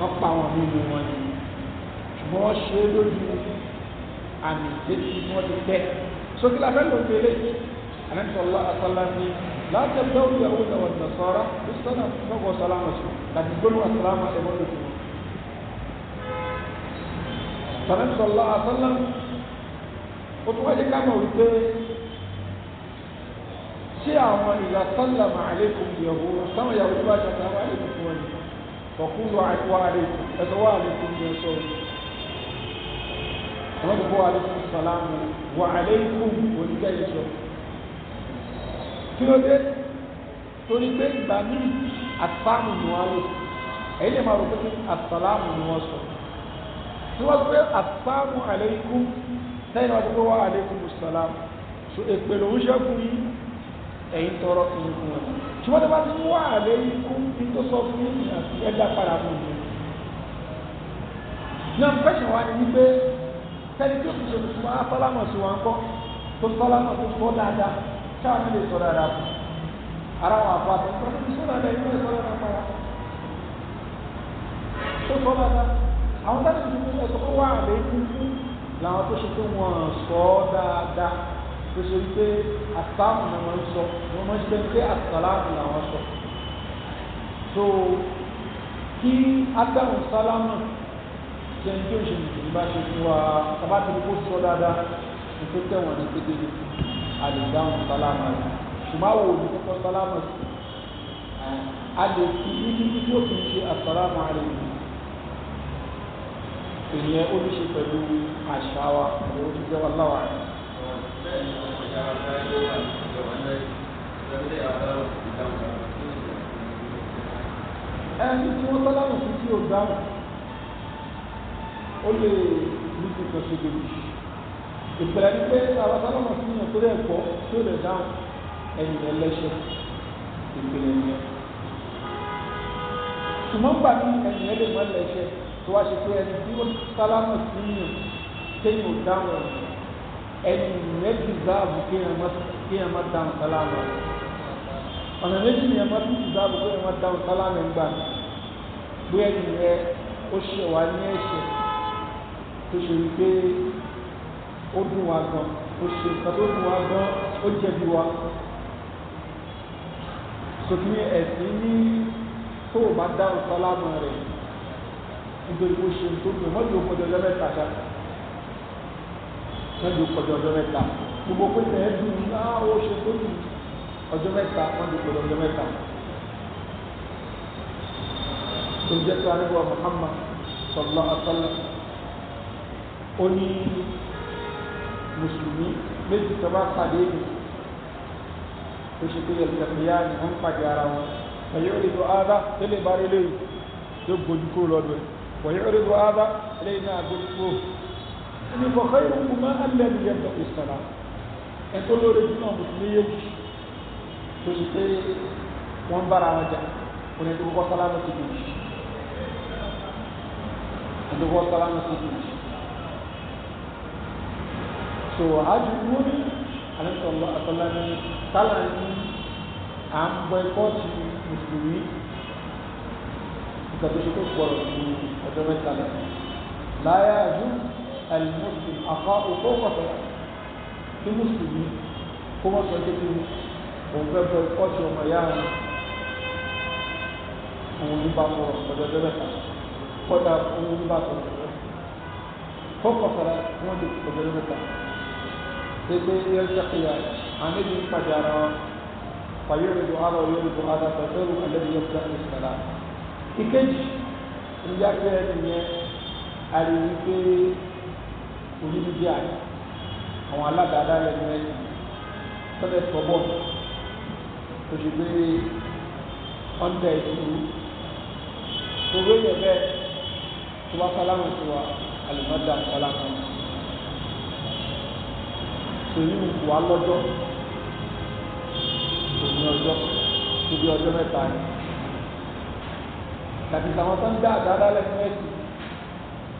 wọ́n pa wọn nínú wọn ni ṣùgbọ́n wọ́n ṣe é lójú àmì létí tí wọ́n ti tẹ́ sókè la fẹ́ lò ó pélé anamsọ̀lá asọ́lá ní láti ẹgbẹ́ òkè àwọn ìdáwọ̀ ìdásọ́ra ìsọ́nà lọ́gọ̀ sọ́lámà sí láti gbólóhùn àsọ́lámà ẹ̀wọ́n lòdì wọn. anamsọ̀lá asọ́lá ó tún wáyé ká mọ̀ wípé tí àwọn ìyàsọ́lá màálẹ́kùn yẹ̀wò táwọn yàwó bá ṣe àwọn àlejò fún ẹni ọ̀kúnlọ àìkú àlejò ẹ̀sọ́ wà àlejò ní ẹ̀sọ́ wọ́n ti kó àlejò sàlámù wà àlejò oníkẹ́ ìṣọ́ kí ló dé torí pé ìgbà míì àtàmù ni wọ́n lò ẹ̀yìn lè máa rò pé àtàlámù ni wọ́n sọ tí wọ́n pé àtàmù àlejò sẹ́yìn wọ́n ti kó wà àlejò sàlámù so èpè lòún ṣẹ́kù yìí ẹ̀yin tọrọ nǹkan wọn ṣùgbọ́n tó bá ti wá àlẹ́ ikú ní tó sọ fún yìí àti ẹ̀dá padà fún mi. náà pẹ́sẹ̀ wa ni wípé tẹ́lẹ̀ tí o ti ṣètò fún afọlámọ̀ sí wa ń kọ́ tó fọlámọ̀ tó fọ́ dáadáa sáà ní lè sọ dáadáa fún ara wa àbọ̀ àti ìtọ́jú ti sọ dáadáa inú ẹ̀ sọ para tó sọ dáadáa àwọn tẹ́lẹ̀ tí ó ti ṣètò fún wa àlẹ́ ikú fún làwọn tó ṣe tó wọn sọ dáadáa tó ṣe wípé àtàmù ni wọ́n ń sọ wọ́n máa ń ṣe pé àtàlámù làwọn sọ so kí ádámù sálámù ṣe ń tó ṣe nìkan bá ṣe fún wa bàbá tí kò sọ dáadáa ní tó tẹ̀wọ̀n ní kékeré àlèdáhùn sálámù rẹ̀ ṣùgbọ́n àwọn olùkọ́ sálámù sí àlè fi ní kí ó fi ṣe àtàlámù rẹ̀ ìyẹn ó ní ṣe pẹ̀lú àṣà wa ìyẹn ó ti jẹ́ wa láwàá rẹ̀ ẹni tí wọ́n tọ́láwọ̀ sí tí ó dáwọ̀ ó lè ní ti kan ṣe lórí ìpẹ̀lẹ̀ ní pé àwọn tọ́láwọ̀ sí yàn tó rẹ̀ pọ̀ tí ó lè dáwọ̀ ẹ̀yìn ẹlẹ́ṣẹ̀ ìpìlẹ̀ yẹn ṣùgbọ́n gbà ní ẹ̀yìn ẹlẹ́mọ̀ ẹlẹ́ṣẹ̀ tó ṣe pé ẹni tí ó tọ́láwọ̀ sí yàn téyìn ò dáwọ̀ ẹ̀yìn ẹni yẹn ti záàbù kí ẹ má dáhùn sálámù ọ̀nà méjì ni ẹ má ti záàbù kí ẹ má dáhùn sálámù ńgbà bóyá ẹni rẹ ó ṣe wá ní ẹ̀ṣẹ̀ tó ṣe wí pé ó dùn wá gan ó ṣe nǹkan tó dùn wá gan ó jẹ̀bi wá sòkè ní ẹ̀sìn ní tó o bá dáhùn sálámù rẹ̀ nítorí ó ṣe tó dùn mọ́tò ó kọjọ lẹ́mẹ̀ta ṣáà lọ́jọ́ kọjá ọjọ́ mẹ́ta gbogbo pé tẹ̀ ẹ́ dùn ní á ah, ó ṣe tó dùn ọjọ́ mẹ́ta lọ́jọ́ kọjá ọjọ́ mẹ́ta. tó jẹ́ pé arígbọ́ Muhammad sallallahu alaihi wasallam ó ní mùsùlùmí méjì tó bá pàdé mi ó ṣe pé ẹ̀lẹ́kẹ̀yà ni wọ́n pàdé ara wọn ẹ̀yọ́ ìlú ara tẹ́lẹ̀ bá rí lẹ́yìn tó gbójú kúrò lọ́dọ̀ ẹ̀ wọ̀nyí ó rí lọ́dọ̀ ara lẹ́yìn náà gbójú kúrò ní kọ̀ọ̀kọ́ ìrùkù máa ń lẹ́nu yẹn tó fi sọ̀rọ̀ ẹ̀ tó lórí jù náà mo ti ní yéjì tó sì pé wọ́n bára wọn jà wọn ẹni tó kọ́ sálámù ti dùn jù ẹni tó kọ́ sálámù ti dùn jù so àjù múni alẹ́sọ̀lọ́ àtọ́lámi tálà ní à ń bọ ẹ̀kọ́ ti mùsùlùmí nǹkan tó ṣe tó gbọ́dọ̀ ju ọjọ́ mẹ́ta lọ المسلم أخاه فوق طلاقه kí mùsùlùmí kó mọ́ sọ kékeré òun fẹ́ fẹ́ kọ́ọ̀tù ọmọ ìyá rẹ̀ òun ní bá mọ̀ ọ̀dọ̀dọ̀ mẹ́ta kọ́dà òun ní bá sọ ọ̀dọ̀dọ̀ fọ́kọ̀ sára wọ́n ti ọ̀dọ̀dọ̀ mẹ́ta pépé yẹ ṣàkíyà àníbi ń pàdé ara wọn fàyẹ̀rù ju ara wọn yóò ju ara pẹ̀lú àlẹ́bí yẹ fẹ́ ní sàrà ìkejì ìyá fẹ́ ẹni yẹn àríwí pé onídìdí àyè àwọn aládàáda rẹ̀ ní ẹ̀sìn tọ́lẹ̀ tọ́bọ̀ tó ṣe pé ọ̀ndà ìṣòro òwe yẹn bẹ́ẹ̀ tó bá sálámù sí wa àlùmọ́dà sálámù sèyí ń wà lọ́jọ́ òní ọjọ́ tóbi ọjọ́ mẹ́ta ni tàbí tàwọn tó ń dá àdáadáa lẹ́nu ẹ̀sìn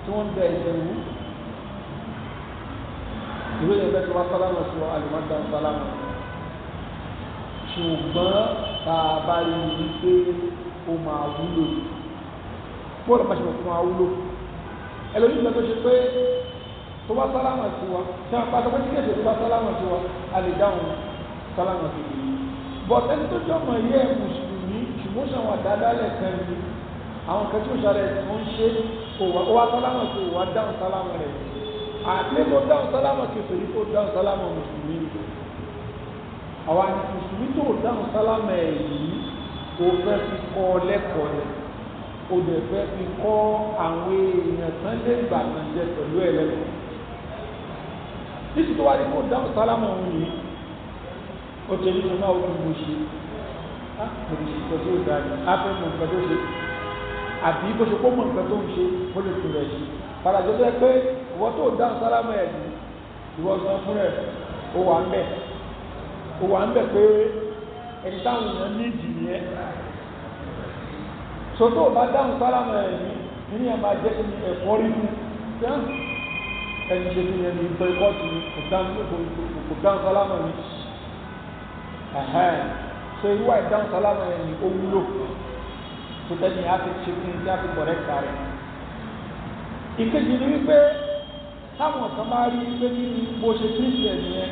tí wọ́n ń bẹ ìṣẹ̀wú ìwé yẹn bẹ́ẹ̀ tó wá sálámà sí wa àlùmọ́dá sálámà ṣùgbọ́n tá a bá rí i pé ó máa wúlò bọ́ọ̀lù pàṣẹ fún wa wúlò ẹlòmíì lọ tó ṣe pé tó wá sálámà sí wa tí wọn pàṣẹ pé kí ẹ̀ṣẹ̀ tó wá sálámà sí wa a lè dáhùn sálámà sí i bọ́ọ̀lù ẹni tó jọ mọ̀ yẹ mùsùlùmí ṣùgbọ́n ṣàwọn àdáadáalẹ̀ kan ni àwọn kan tí ó ṣàlẹ̀ tó ń ṣe òwà sálámà sí òwà dáhùn sálámà rẹ̀ yìí àgbẹ̀bọ̀ ah, dáhùn sálámà kèfèrí kó dáhùn sálámà mùsùlùmí àwọn mùsùlùmí tó dáhùn sálámà ẹ̀ yìí o fẹ́ fi kọ́ lẹ́kọ̀ọ́ rẹ̀ o dẹ̀ fẹ́ fi kọ́ àwọn èèyàn tán lé ìbàdàn jẹ pẹ̀lú ẹ̀ lẹ́kọ̀ọ́ títí tó wá ní kó dáhùn sálámà òun yìí ó ti rí mi náà ó tún mo ṣe á ah, mo ti ṣe nǹkan tó dáa ní afẹ́ mọ̀ nǹkan tó ṣe àbí bó ṣe kó mọ̀ nǹkan tó ń ṣe mo lè tún rẹ̀ ṣe ìwọ tó dá sálámà ẹ̀ ní ìwọ san fún ẹ̀ ó wà ń bẹ̀ ó wà ń bẹ̀ pé ẹni táwọn èèyàn ní ìdì nìyẹn so tó o bá dáhùn sálámà ẹ̀ ní nínú ẹ̀ máa jẹ́ kí ni ẹ̀fọ́ rí fún ẹni ṣe kí ni ẹni ìtọ́ ikọ́ ti ní kò dáhùn sálámà ní so irú àìdáhùn sálámà ẹ̀ ní ó wúlò tó tẹ́ni á fi ṣe kí ni tí á fi kọ̀rẹ́ kárẹ̀ ìkejì ni wípé táwọn kan bá rí pé kí ni bó ṣe tíìsì ẹ̀ nìyẹn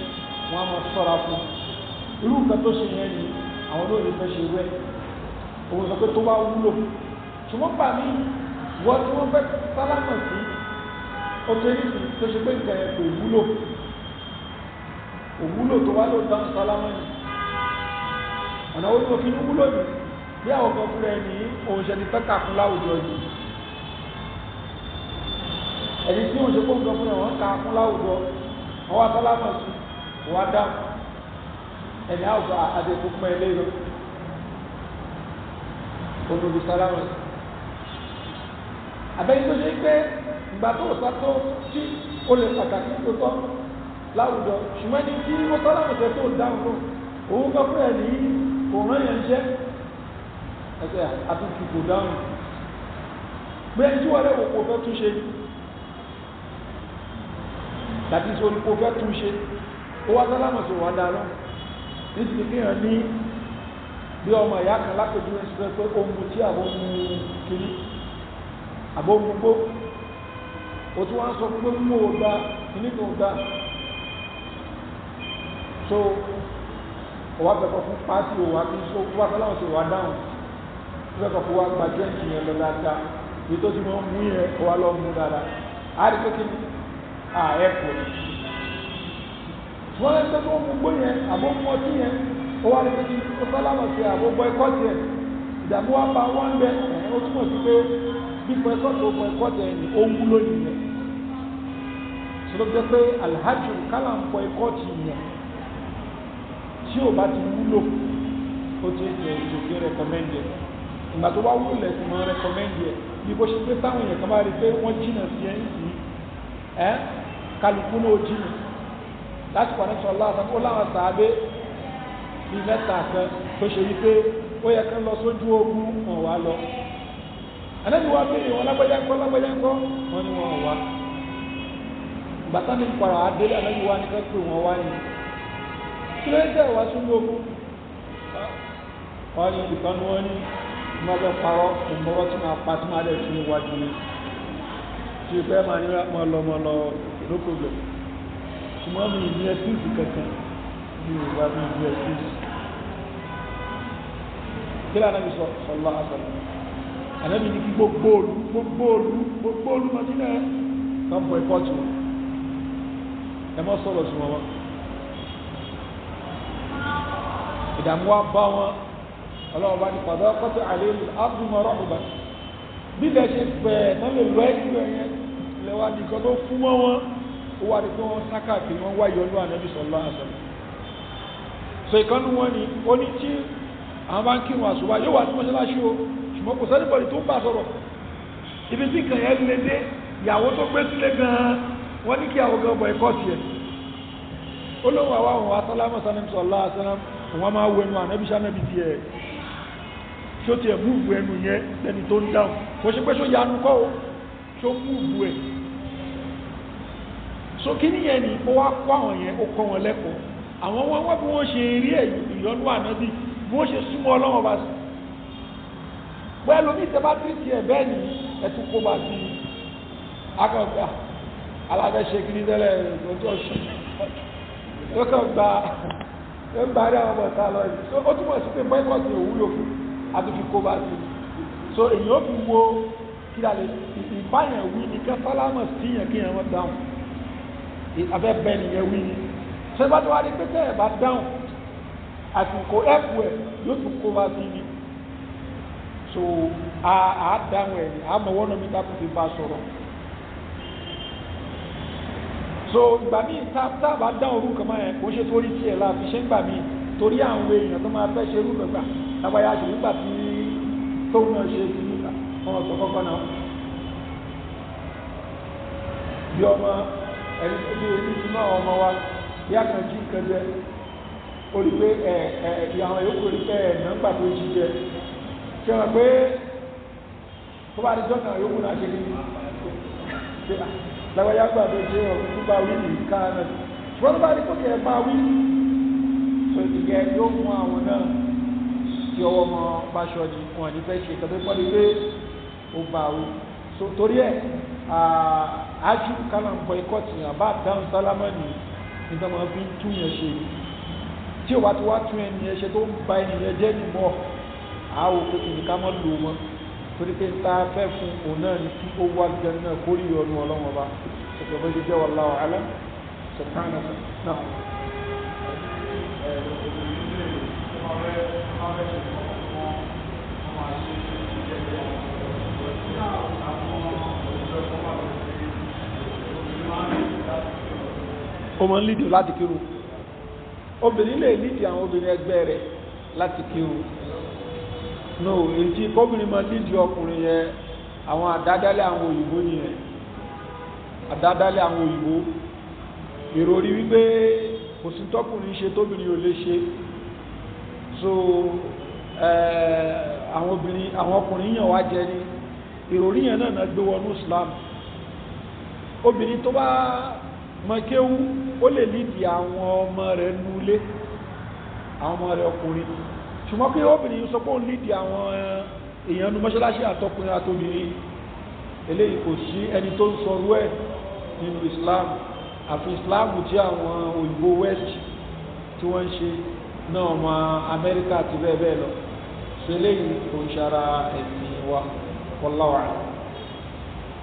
wọn á máa sọ́ra fún irú nǹkan tó ṣe yẹn ni àwọn olóòrè fẹ́ ṣe rẹ̀ òun sọ pé tó bá wúlò ṣùgbọ́n gbà mí wọ́n tí wọ́n fẹ́ sálámà sí ọjọ́ tó ṣe pé nǹkan ẹ̀ kò wúlò òwúlò tó wá ló dáhùn sálámà ni ọ̀nà ó lò wúlò ni bí àwọn kan fúnra ẹni òun ṣe ti tọ́ka fún láwùjọ yìí ẹni tí òṣè kó nǹkan fún yẹn wọ́n ka fún láwùjọ ọwọ́ asálámà sí wọ́n á dáhùn ẹni àwùjọ àdẹ̀kù pọ̀ ẹ lẹ́yọ olùdí sálámà sí. àbẹ́yìn tó ṣe pé ìgbà tó ò sátó tí ó lè pàtàkì tó tọ́ láwùjọ ṣùgbọ́n ní kí ó sálámà sí tó dáhùn náà òun kọ́ fún ẹni kò rán yẹn jẹ́ ẹsẹ̀ àtúntò kò dáhùn gbé ẹni tí wọ́n rẹ̀ wò kò fẹ́ túnṣe yìí tàbí sórí kó fẹ́ tún ṣe ó wá sálámà sí wà dára nítorí kí hàn ní bí ọmọ ìyá kan lápẹjú ní sípẹ́ pé ó mú tí àbó mú kiri àbó mú gbó ó tún wá sọ pé mú ò gba kíní tó gba so ó wá bẹ̀kọ̀ fún pàtí ò wá kí so ó wá sálámà sí wà dáhùn ó bẹ̀kọ̀ fún wá gba jẹ́ǹtì yẹn lọ dáadáa èyí tó ti mọ́ mú yẹn ó wá lọ mú dáadáa á rí pé kí ni a ah, ẹ̀kọ́ wọ́n lè sọ́kọ́ gbogbo yẹn yẹn ó wà sí àbọ̀bọ̀ yẹn ìdààmú wa bá wọ́n bẹ ó túmọ̀ sí pé bípọ̀ ẹ̀kọ́ tó bọ̀ ẹ̀kọ́ sí yẹn ó wúlò pé alhaji kálá ń yẹn tí ò bá ti wúlò ó ti ṣe ìṣòfin rẹ̀kọ́mẹ́ndì ẹ̀ ìgbà tó bá wúlò ẹ̀sìn mọ́ rẹ̀kọ́mẹ́ndì ẹ̀ bí bó ṣe pé táwọn èèyàn kálukú náà jí mi láti pàdé sọ láàbà ó láwọn sàábé bí mẹ́ta kan tó ṣe wípé ó yẹ kán lọ sójú ogun wọn wá lọ ẹlẹ́ni wá bí wọn lágbẹ́já ńkọ́ lágbẹ́já ńkọ́ wọn ni wọn wá gbàtà ní ìpàrọ̀ adélé ẹlẹ́ni wá ní ká pé wọn wá yìí kí ló ń tẹ̀ wá sójú ogun wọn ni ìkan ni wọn ní wọn bẹ parọ́ ìmọ̀rọ̀ tí wọn pa tí wọn adé fi wájú ni tí ìfẹ́ máa ní wọn lọ wọn lọ no problem Tomorrow ṣùgbọ́n mi ní ẹsíìsì kankan mi ò wá mi ní ẹsíìsì kílá náà mi sọ sọlá àṣọlá ànábi ní kí gbogbo olú gbogbo olú gbogbo olú mọ̀tínà kan bọ̀ ẹ̀kọ́ tí wọn ẹ mọ́ sọ̀rọ̀ sí wọn wọn ìdààmú wa Allah wọn ọlọ́wọ́ bá ní padà kọ́tù àlejò ábùmọ̀rọ̀ ọ̀gbà bí lè ṣe pẹ̀ tán lè lọ ẹ̀kú ẹ̀yẹn lẹ́wà nìkan tó fún mọ́ wọn wá ní pé wọ́n sá káàkiri wọ́n wá ìyọnú ànábì sallallahu alaihi wasallam so ìkànnì wọn ni ó ní tí àwọn bá ń kírun àṣùbà yóò wá sí mọ́ṣáláṣí o ṣùgbọ́n kò sẹ́ni bọ̀dì tó ń bá sọ̀rọ̀ ibi tí nǹkan yẹn lè dé ìyàwó tó gbé sílé gan-an wọ́n ní kí àwọn gan bọ̀ ẹ̀kọ́ tiẹ̀ ó lóun àwa àwọn asálámù sanem sọ̀lá asánám wọn máa wo ẹnu ànábì sánẹ́bì tiẹ̀ tí ó tiẹ̀ múùbù ẹnu yẹn lẹ́ni tó ń dáhùn so kí nìyẹn ni ó wá kó àwọn yẹn ó kọ́ wọn lẹ́kọ̀ọ́ àwọn wọn wá bí wọ́n ṣe rí ìyọnu ànábì bí wọ́n ṣe súnmọ́ ọlọ́wọ́n bá sí bẹ́ẹ̀ lómi ìtẹ́ bá tìrìtì bẹ́ẹ̀ ni ẹ̀tú kó bá sí akọ̀gbà alábẹ́ṣe kiri tẹ́lẹ̀ lọ́jọ́ ṣù lọ́kọ̀gbà ń bá rí àwọn ọmọọ̀ta lọ yìí so ó túmọ̀ sí pé bọ́ẹ̀kọ̀tì òwúlò fún àtúfi kó bá sí so èyí ó fi wo kí a lè ìbáyàn wí ní abẹ́ bẹ́ẹ̀ nìyẹn wí ni ṣé bá tó wá rí pé tẹ́ ẹ̀ bá dáhùn àsìkò ẹ̀kú ẹ̀ yóò tún kó wá sí ni so a dáhùn ẹ̀ àmọ̀wọ́ náà mi dákun fi bá sọ̀rọ̀ so ìgbà míì tá a bá dáhùn orú kan máa yẹn kò ṣe torí tiẹ̀ la fi ṣe ń gbà míì torí àwọn èèyàn tó máa fẹ́ ṣe irú kan gbà lábàáyá ṣe nígbà tí tóun náà ṣe ti nígbà wọn sọ kọ́kọ́ náà bí ọmọ ẹni tó ní ojú tí náà ọmọ wa bí àkànjú nǹkan jẹ ó rí pé ẹ ẹ ìyàwó yòókù rí pé ẹ̀nà ń pàtó jí jẹ ṣe wọn pé tó bá ní jọ́nà yòókù náà ṣe kí lágbàáyá gbà tó ṣe ọ̀rọ̀ tó bá wí nìyí ká náà ṣùgbọ́n tó bá ní kókè ẹ̀ máa wí sọ ìyẹn yóò mú àwọn náà tí ọwọ́ mọ bá ṣọ́ọ̀jì wọn ní fẹ́ ṣe ìtọ́jú pọ́lí pé ó bá wí torí ẹ̀ ájú kánà boycott yàn bá dáhùn sálámà ní nígbà máa fi tún yẹn ṣe tí ó bá ti wá tún ẹni yẹn ṣe tó ń ba ẹni yẹn jẹ́ nìbọ̀ àá wò pé kìnnì ká mọ́ lò wọn torí pé tá a fẹ́ fún òun náà ní kí ó wá jẹ náà kó rí ọdún ọlọ́wọ́n ọba ṣùgbọ́n bó ṣe jẹ́ wallahu alam sọ̀tánà náà. ó máa ń lídìí láti kírun obìnrin lè lídìí àwọn obìnrin ẹgbẹ́ rẹ̀ láti kírun no èyí tí kọ́bìnrin máa lídìí ọkùnrin yẹn àwọn àdádálẹ̀ àwọn òyìnbó nìyẹn àdádálẹ̀ àwọn òyìnbó ìròrí wípé kò sí tọkùnrin ṣe tóbìnrin ò lè ṣe so àwọn obìnrin àwọn ọkùnrin yàn wá jẹ ní ìròrí yẹn náà gbé wọnú Islam obìnrin tó bá mọ̀kéwú ó lè lídì àwọn ọmọ rẹ̀ nulé àwọn ọmọ rẹ̀ ọkùnrin ṣùgbọ́n pé obìnrin sọ pé òun lídì àwọn èèyàn nu mọ́ṣáláṣí àtọkùnrin àtobìnrin eléyìí kò sí ẹni tó ń sọrú ẹ̀ nínú Islam àfi Islam tí àwọn òyìnbó West tí wọ́n ń ṣe náà ọmọ Amẹ́ríkà àti bẹ́ẹ̀ bẹ́ẹ̀ lọ ṣe eléyìí kò ń ṣara ẹ̀sìn wa wallahu a'lam